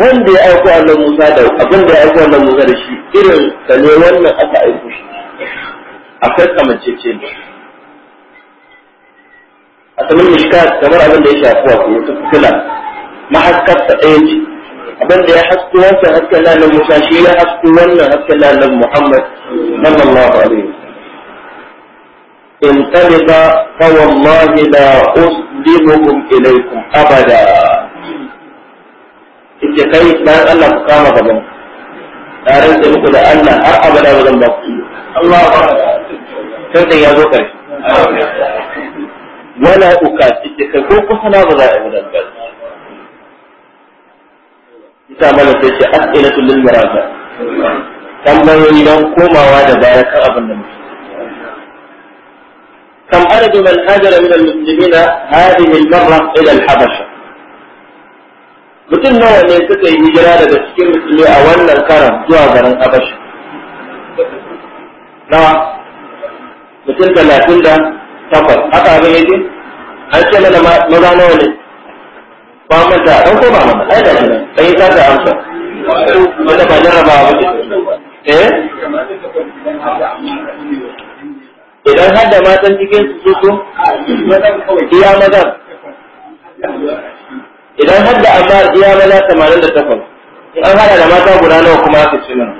Wanda ya aiko Allah Musa da abin da ya aiko Allah Musa da shi irin da ne wannan aka aiko shi. Akwai kamancece ne. A saman mishkan kamar abin da ya shafi wa ko ta mahaskar ta ɗaya ce. Abin da ya hasko wancan hasken lalar Musa shi ya hasko wannan hasken lalar Muhammad sallallahu alaihi انطلقا فوالله لا أسلمكم إليكم أبدا ita kai bayan Allah ku kama gaban tare da muku da Allah har abada ba ba ku Allah ya zo kai wala ukati kai ko kusa ba za a yi da mana sai ce as'ilatul lil murada tambayoyi dan komawa da baya kan abin da كم عدد من هاجر من a هذه المرة إلى الحبشة mutum nawa ne suka yi hijira daga cikin musulmi a wannan karan zuwa garin Habasha na mutum talatin da takwas haka abin yake an ce mana maza nawa ne ba mata dan ko ba mata sai ta amsa wanda ba jarraba ba eh idan har da matan cikin su su iya maza idan har da amma iya maza tamanin da takwas an hada da mata guda nawa kuma aka ci nan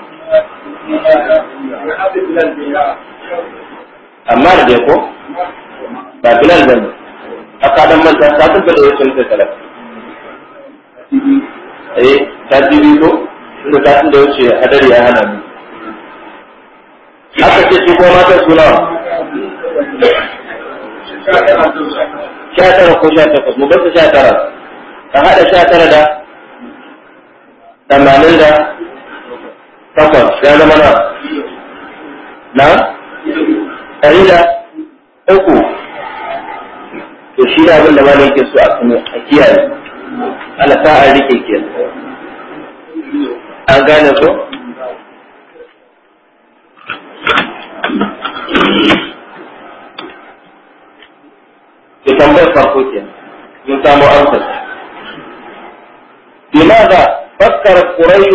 amma da ko ba bilal ba ne a kadan manta ta tabbata da wacce ta talaka eh ta bibi ko da ta da wuce hadari ya hana ni haka ce ko mata sunawa sha tara ko sha takwas mu bar sha tara ka haɗa sha tara da tamanin da takwas ya zama na na ɗari da uku to shi da abin da ma yake so a kuma a kiyaye ala ta rike ke an gane so ya tambayar farko ke mun samu amsar لماذا فكر قريش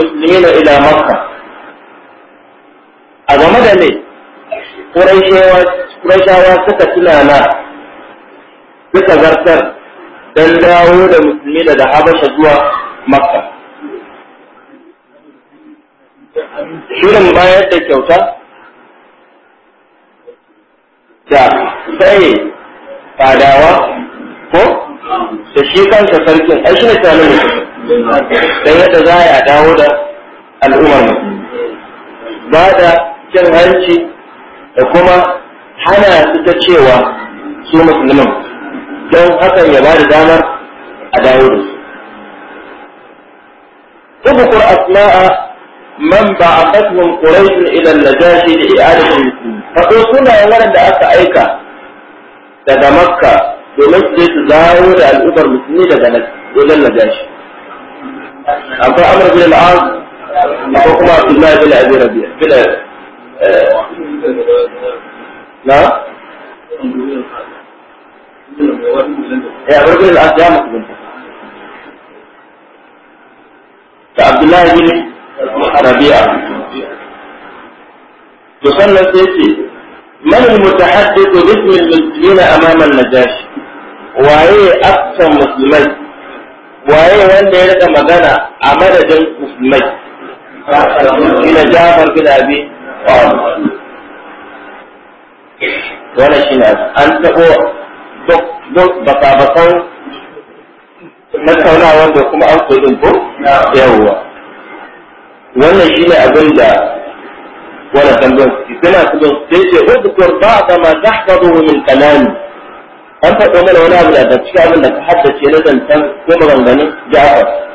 muslimin ila Makka, a game da ne Kurashawa suka tunana suka zartar don dawo da musulmi da Habasha zuwa Makka. Shirin bayar da kyauta da sai fadawa ko da shi kansa sarkin ai shi ne don yadda za a dawo da al'ummar mu ba da cin hanci da kuma hana su ta cewa su musulmin don hakan ya ba da damar a dawo da su ba أسماء من بعثتهم قريش إلى النجاشي لإعادة المسلمين فقل سنة waɗanda aka aika. daga makka domin su su zawo da al'ummar musulmi daga nan wajen na gashi akwai amur bin al'az akwai kuma abdullahi bin abi rabi'a bin eh, na ya eh, amur al'az ya musulunta da abdullahi bin rabi'a to sannan sai ce من المتحدث باسم المسلمين أمام النجاشي waye aksan musulmai waye wanda ya rika magana a madadin musulmai ina jafar bin abi wannan shi ne an tabo duk duk baka bakan na wanda kuma an koyi ko yawwa wannan shi ne abin da ولا تنبغ سيدنا تنبغ سيدنا إيه، اذكر بعض ما تحفظه من كلام أنت تقول هنا أنا أبدأ أنت شو أبدأ أنك حتى تشيلد أن تم كم رمضاني جاء أفضل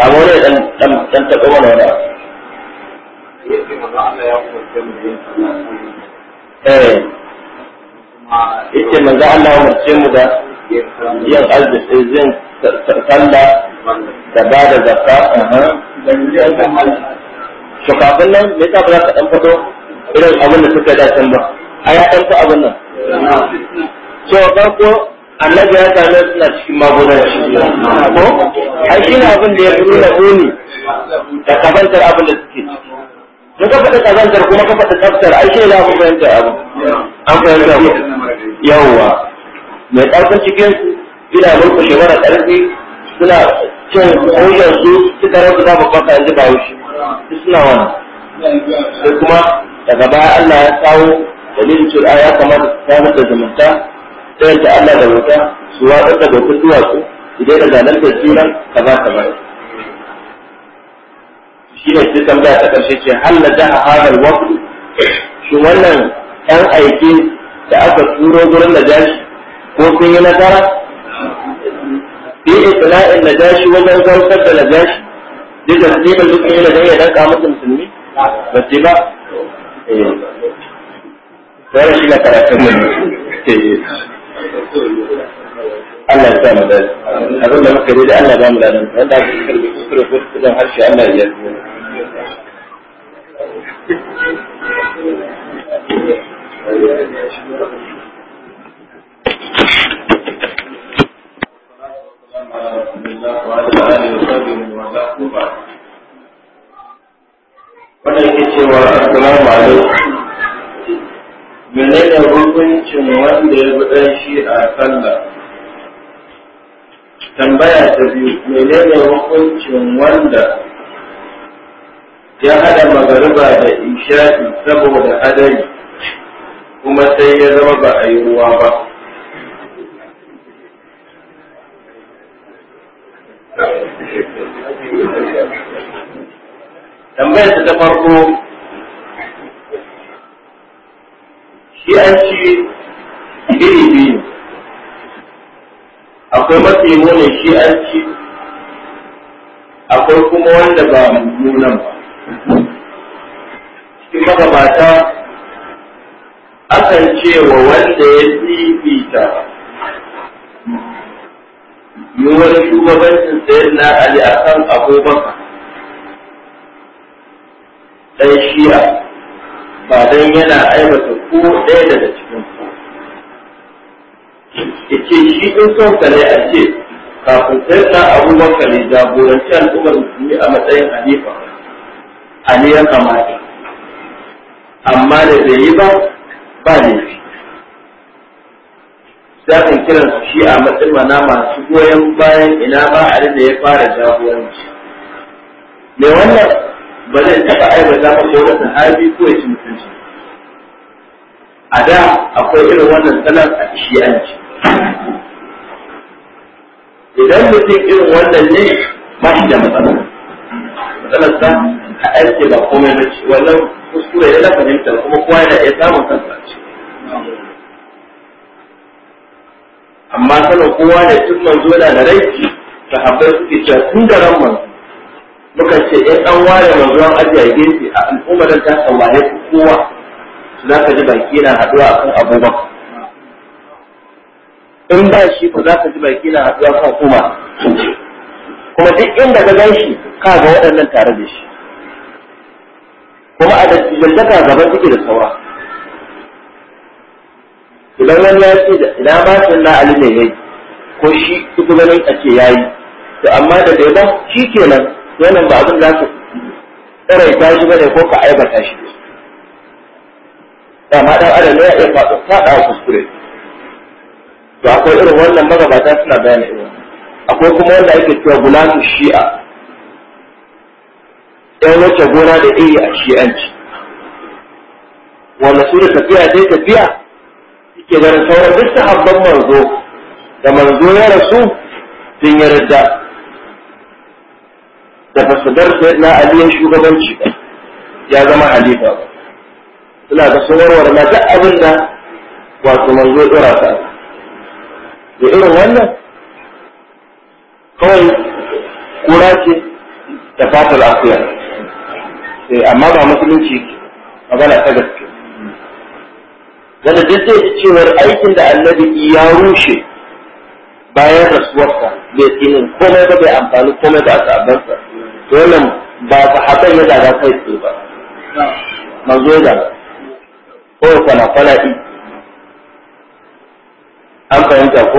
أقول له أن إيه. تم أنت كم أنا أبدأ إيه إيه من ذا الله يوم الجمع ده يا قلب سيزين تتلى تبادل زكاة أها to kafin nan me yasa ba za ka dan fito irin abin da suka da can ba a ya dan fi abin nan so farko annabi ya same suna cikin magudanci ko ai shi ne abin da ya fi nuna muni da kabantar abin da suke da ka faɗa kazantar kuma ka faɗi tsaftar ai shi ne za fahimta abu an fahimta mu yawwa mai ƙarfin cikin ina mulku shawara ƙarfi suna cin hujjar su suka rabu za babban ka yanzu ba wuce duk suna sai kuma daga baya Allah ya kawo dalilin cewa ya kamata su samar da zumunta ta yadda Allah da wuta su watsar da dokar duwatsu su daina zalantar juna kaza kaza shi ne sai tambaya ta karshe ce hal na a hadal waqti shi wannan ɗan aiki da aka turo gurin najashi ko sun yi nasara bi na najashi wajen zartar da najashi duk da nasibin duk ne da ya danka musu musulmi ba ce ba wannan eh. shi na karatun mu Allah ya sa da abin da muka da Allah ba mu da nan wanda aka yi karbi kuskure ko kudin harshe Allah ya yi على رسول الله وعلى آله وصحبه من والاه وبعد wannan yake cewa assalamu alaikum menene hukuncin wanda ya bi dan shi a sallah tambaya ta biyu menene hukuncin wanda ya hada magariba da isha'i saboda adali kuma sai ya zama ba a yi ruwa ba tambayarsa ta farko shi an ci iri biyu akwai mafi munin shi an ci akwai kuma wanda ba nunan ba cikin magabata akan ce wa wanda ya fifita yi wani shugabancin sayar na Ali a kan abubakar ɗan shiya ba don yana aibata ko ɗaya daga cikin ku. Ya shi ɗin son ka a ce kafin sayan na abubakar ne jagoranci al'ummar musulmi a matsayin halifa Ali ya kamata. Amma da bai yi ba ba za ka kiran su shi a matsayin mana masu goyon bayan ina ba a da ya fara jagoranci me wannan ba zai taɓa aibata ba ko wani sahabi ko ya ci mutunci a da akwai irin wannan salon a shi'anci idan mutum irin wannan ne ba shi da matsala matsalar sa a aiki ba komai ba ce wannan kuskure ya lafa fahimta kuma kowa yana iya samun kansa ce amma sanin kowa da tun manzo yana da rai sahabbai suke cewa tun da ran manzo muka ce eh, ɗan an ware manzo an ajiye a gefe a al'ummar ta saurare kowa za ka ji baki na haɗuwa akan abubuwan in ba shi ku za ka ji baki na haɗuwa kan kuma kuma duk inda ka gan shi ka ga waɗannan tare da shi kuma a dattijantaka gaban suke da saura idan wani ya ce ina ba su na ali ne yayi ko shi kuka ganin a ce yayi to amma da bai ba shi kenan wannan ba abin da ka ta shi bane ko ka aibata shi ma dan adam ne ya iya faɗo faɗa kuskure to akwai irin wannan magabata suna bayani irin akwai kuma wanda ake cewa gulamu shi'a ɗan wacce gona da iri a shi'anci wanda su da tafiya dai tafiya إذا نصور بس حفظ منذو منذو يا رسول دين يرد تفصدر سيدنا علي شوك بلشك يا زمع علي فاضح لا تصور ورما تأب الله وقت منذو إراسا لإنه أن قوي قراتي تفاصل أخيرا إيه، أما ما مثل شيك أبنى تقدر wanda duk zai cewar aikin da annabi ya rushe bayan rasuwarsa bai tsinin komai ba bai amfani komai ba a sabansa to wannan ba sahaban ya zaga kai tsaye ba manzo ya ko kwala-kwala ɗi an fahimta ko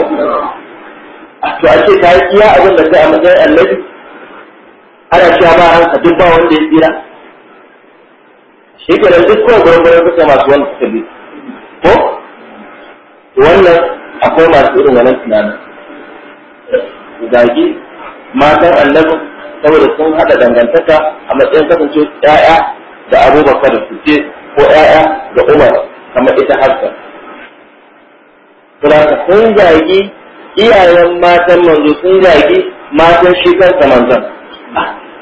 a to a ce ta yi iya abin da kai a matsayin annabi ana cewa ba an ka duk ba wanda ya tsira shi ke nan duk kowa gwargwaron kusa masu wanda suka biyu. ko wannan akwai masu irin wannan tunanin zagi matan annabin saboda sun hada dangantaka a matsayin kasance ƴaƴa da abubakar da ce ko 'ya'ya da umar kamar ita hafsa saboda sun zagi iyayen matan manzo sun zagi matan shi kansa manzon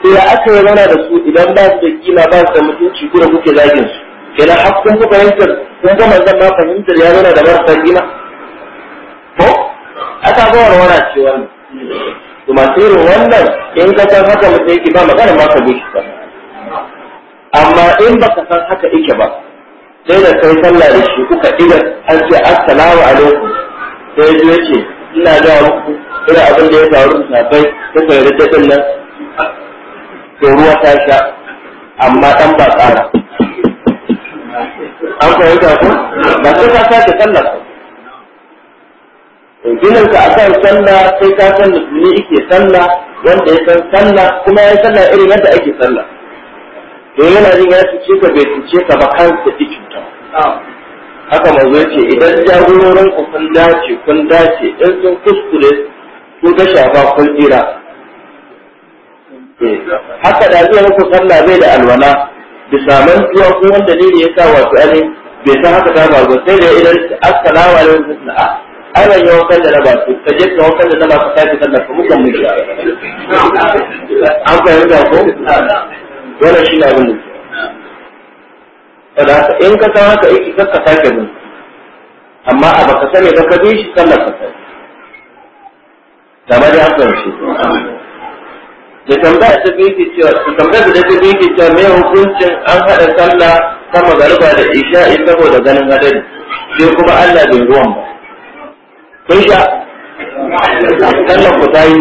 sai aka yi mana da su idan ba su da kima ba su da mutunci kuma kuke zagin su kenan har kun ga fahimtar kun ga manzon ma fahimtar ya nuna da marasa kima ko aka ga warwara ce wannan to masu irin wannan in ka san haka mutum yake ba magana ma ka bi shi amma in ba ka san haka yake ba sai da kai sallah da shi kuka diga an ce assalamu alaikum sai ya ce ina ga muku ina abin da ya faru da sabai kuka yarda da nan to ruwa ta sha amma dan ba tsara an fahimta ku ba sai ka sake sallar ginin ka akan sallah sai ka san musulmi yake sallah wanda ya san sallah kuma ya sallah irin yadda ake sallah to yana jin ya cuce ka bai cuce ka ba kan da ki cuta haka manzo ce idan jagororin ku kun dace kun dace in sun kuskure kun ga shafa kun jira eh, haka da zai muku sallah bai da alwala bisa mantuwa ko wanda ne ya sa wato ne bai san haka ta ba sai da idan assalamu alaikum sunna ai Ana yi wankan da na ba su ka je ka wankan da na ba ka sake sallar ka mukan mutu an fahimta ko dole shi na abin da ka in ka san haka iki ka sake bin amma a baka sani ka ka bi shi sallar ka da game da hakan da tambaya ta biyu cewa da tambaya da ta biyu cewa me hukuncin an haɗa sallah ta magariba da isha'i saboda ganin hadari sai kuma Allah bai ruwan ba kun sha sallar ku ta yi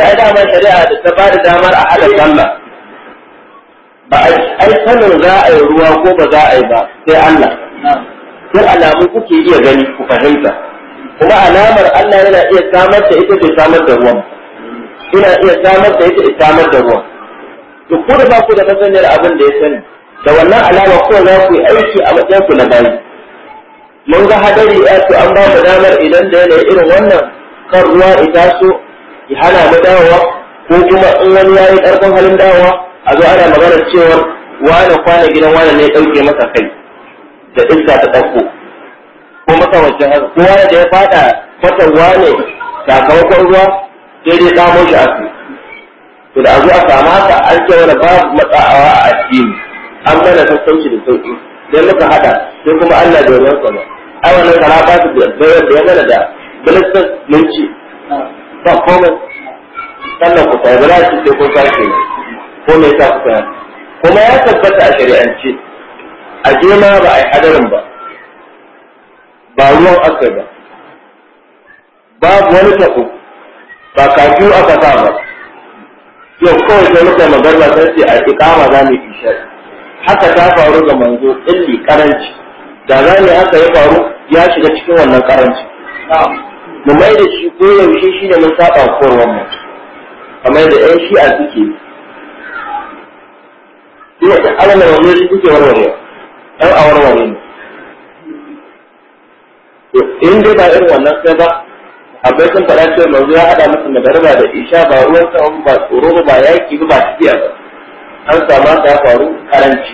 da ai dama shari'a da ta bada damar a haɗa sallah ba ai sanin za a yi ruwa ko ba za a yi ba sai Allah duk alamu kuke iya gani ku fahimta kuma alamar Allah yana iya samar da ita bai samar da ruwan ba suna iya samar da ita samar da ruwa. to ko da ba ku da masaniyar abin da ya sani da wannan alama ko za ku yi aiki a matsayin ku na bayi mun ga hadari ya to an ba mu damar idan da yanayi irin wannan kan ruwa ita so ya hana mu dawowa ko kuma in wani ya yi karfin halin dawowa a zo ana maganar cewar wani kwana gidan wani ne ya dauke masa kai da iska ta ɗauko. ko haka kowa da ya fada fatan wane sakamakon ruwa sai dai samo shi asu to da azu a samu haka an ce wani babu matsawa a addini an mana sassauci da sauƙi dan muka hada sai kuma Allah da ruwan sama ai wannan kana ba su da bayar da yana da bilistan mun ci ba komai sannan ku sai bala shi sai kun sake ko me yasa ku sai kuma ya tabbata a shari'ance a je ba a yi hadarin ba ba ruwan akai ba babu wani tabo ba ka biyu aka sa ba yau kawai sai muka magana sai ce a ikama za mu isha haka ta faru ga manzo illi karanci da zani haka ya faru ya shiga cikin wannan karanci mu mai da shi ko yaushe shine mun saba korwan mu kamar da yan a suke ina da alama wani shi suke warware 'yan a warware ne in dai ba irin wannan sai ba abai sun faɗa cewa manzo ya haɗa musu magarba da isha ba ruwan sa'un ba tsoro ba yaƙi ba tafiya ba an samu ta faru karanci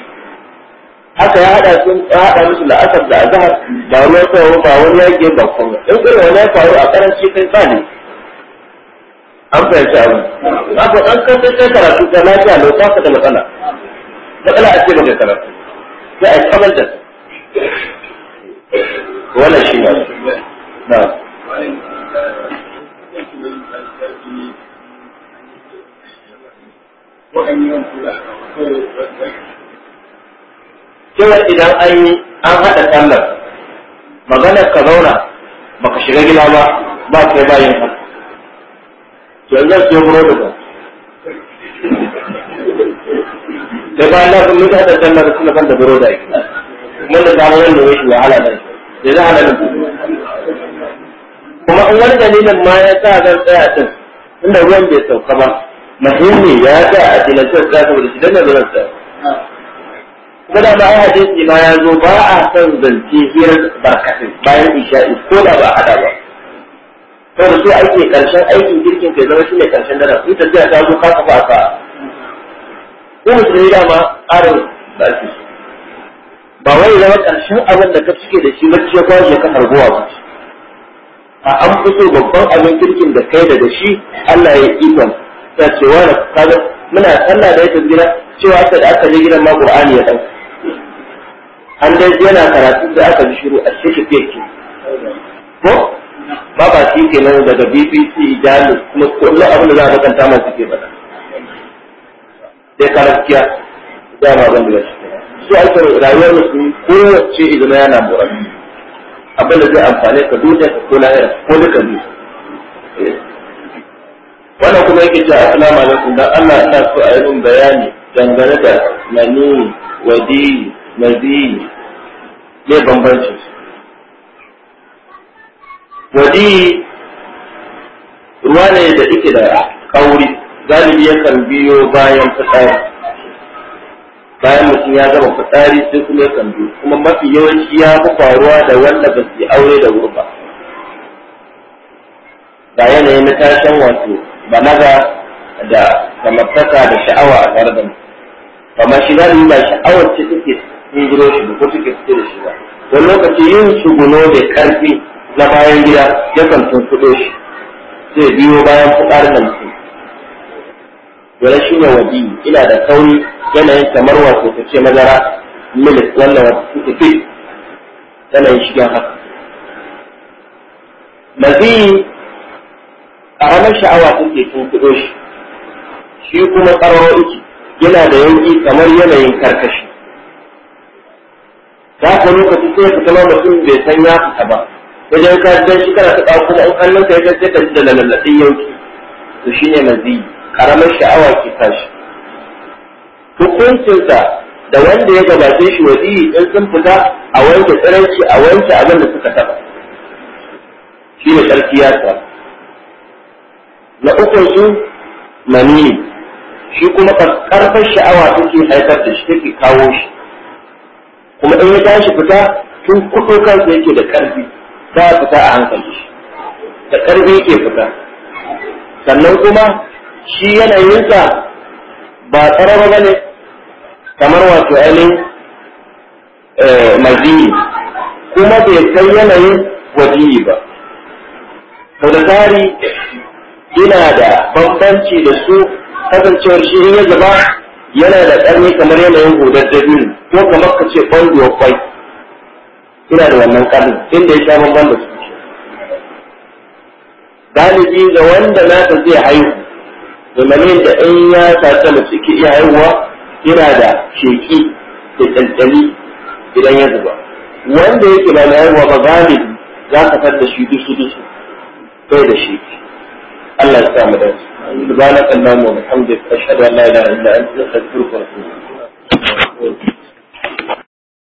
haka ya haɗa sun haɗa musu la'asar da azhar ba ruwan sa'un ba wani yaƙi ba kuma in kuma wani ya faru a karanci kai ba ne an fahimci abu. ba ko an kan kai karatu ta lafiya lau ta da matsala matsala a ce ba kai karatu sai a kamar da wannan shi ne na Cewar idan an an haɗa sallar maganar ka zauna baka shiga gida ba ba yi bayan haka. Yanzu zan siyo burodi ba. Da bayan na kun nuka haɗa sallar suna kan da burodi a gida. Mun da samun da wai wahala da shi. Yanzu hana da kuma in wani dalilin ma ya sa zan tsaya din inda ruwan bai sauka ba muhimmi ya sa a tilasta ta saboda shi dan zan tsaya kuma da ba hadisi ma ya zo ba a san zance hirar barkatin bayan isha'i ko da ba hada ba da su ake karshen aikin girkin kai zama shi ne karshen dana su tafiya ta zo kafa ba ka ko musulmi dama ƙarin ba su ba wai zama karshen abin da ka cike da shi bacci ya kwashe ka harguwa ba a an fito babban abin kirkin da kai da shi Allah ya ikon ta cewa da kaza. muna sallah da yake gida cewa ta da aka je gidan ma Qur'ani ya dauka an dai yana karatu da aka ji shiru a cikin kirki ko ba ba shi kenan daga BBC Ijali kuma kullu abin da za a bakanta masu ke bada sai da ma ban da shi su aka rayuwar musulmi kowace idan yana murabbi abin da zai amfane ka duniya ka ko lahira ko duka biyu wannan kuma yake cewa assalamu alaikum dan Allah ina so a yi min bayani dangane da mani wadi mazi ne bambanci wadi ruwa ne da yake da kauri galibi yakan biyo bayan fitsari bayan mutum ya zama fitsari sai kuma ya kandu kuma mafi yawanci ya fi faruwa da wanda ba su aure da wuri ba ga yanayin na tashin wato balaga da samartaka da sha'awa a tare da mu ma shi za ba sha'awar ce take tsingiro shi ko take fito da shi ba wani lokaci yin shuguno da karfi na bayan gida tun tuntuɗo shi zai biyo bayan fitsarin da mutum wani shi ne wadi ina da kauri yanayin kamar wato ta ce madara milik wannan wato tafi yanayin shigen haka mazi a ranar sha'awa take tun kudo shi shi kuma tsararo iki yana da yanki kamar yanayin karkashi za ka lokaci sai ka zama mutum bai san ya fita ba wajen ka dan shi kana taɓa kuma in kallon ka ya sai ka ji da lalatsin yanki to shi ne maziyi karamar sha'awa ke tashi hukuncinsa da wanda ya gabace shi wadi in sun fita a wanke tsiranci a wanke abin da suka taba shi ne sarki ya sa na ukun su manini shi kuma karfar sha'awa take haifar da shi take kawo shi kuma in ya tashi fita tun kudo kansa yake da karfi za fita a hankali shi da karfi yake fita sannan kuma shi yanayinsa ba tsaraba ba ne kamar wato ainihin eh, mazini kuma bai kai yanayin wajiyi ba to da tsari yana da bambanci da su kasancewar shi in ya zaba yana da ƙarni kamar yanayin hudar biyu, ko kamar ka ce ƙwanduwar kwai ina da wannan ƙarni inda ya sha bamban da su galibi ga wanda nata zai haihu domin da in ya sace mace ke iya haihuwa yana da sheki da tsantsani idan ya zuba wanda yake ba na haihuwa ba galibi za ka fadda shi dusu dusu bai da shi Allah ya samu da su subhanak allahumma wa bihamdika ashhadu an la ilaha illa anta astaghfiruka wa atubu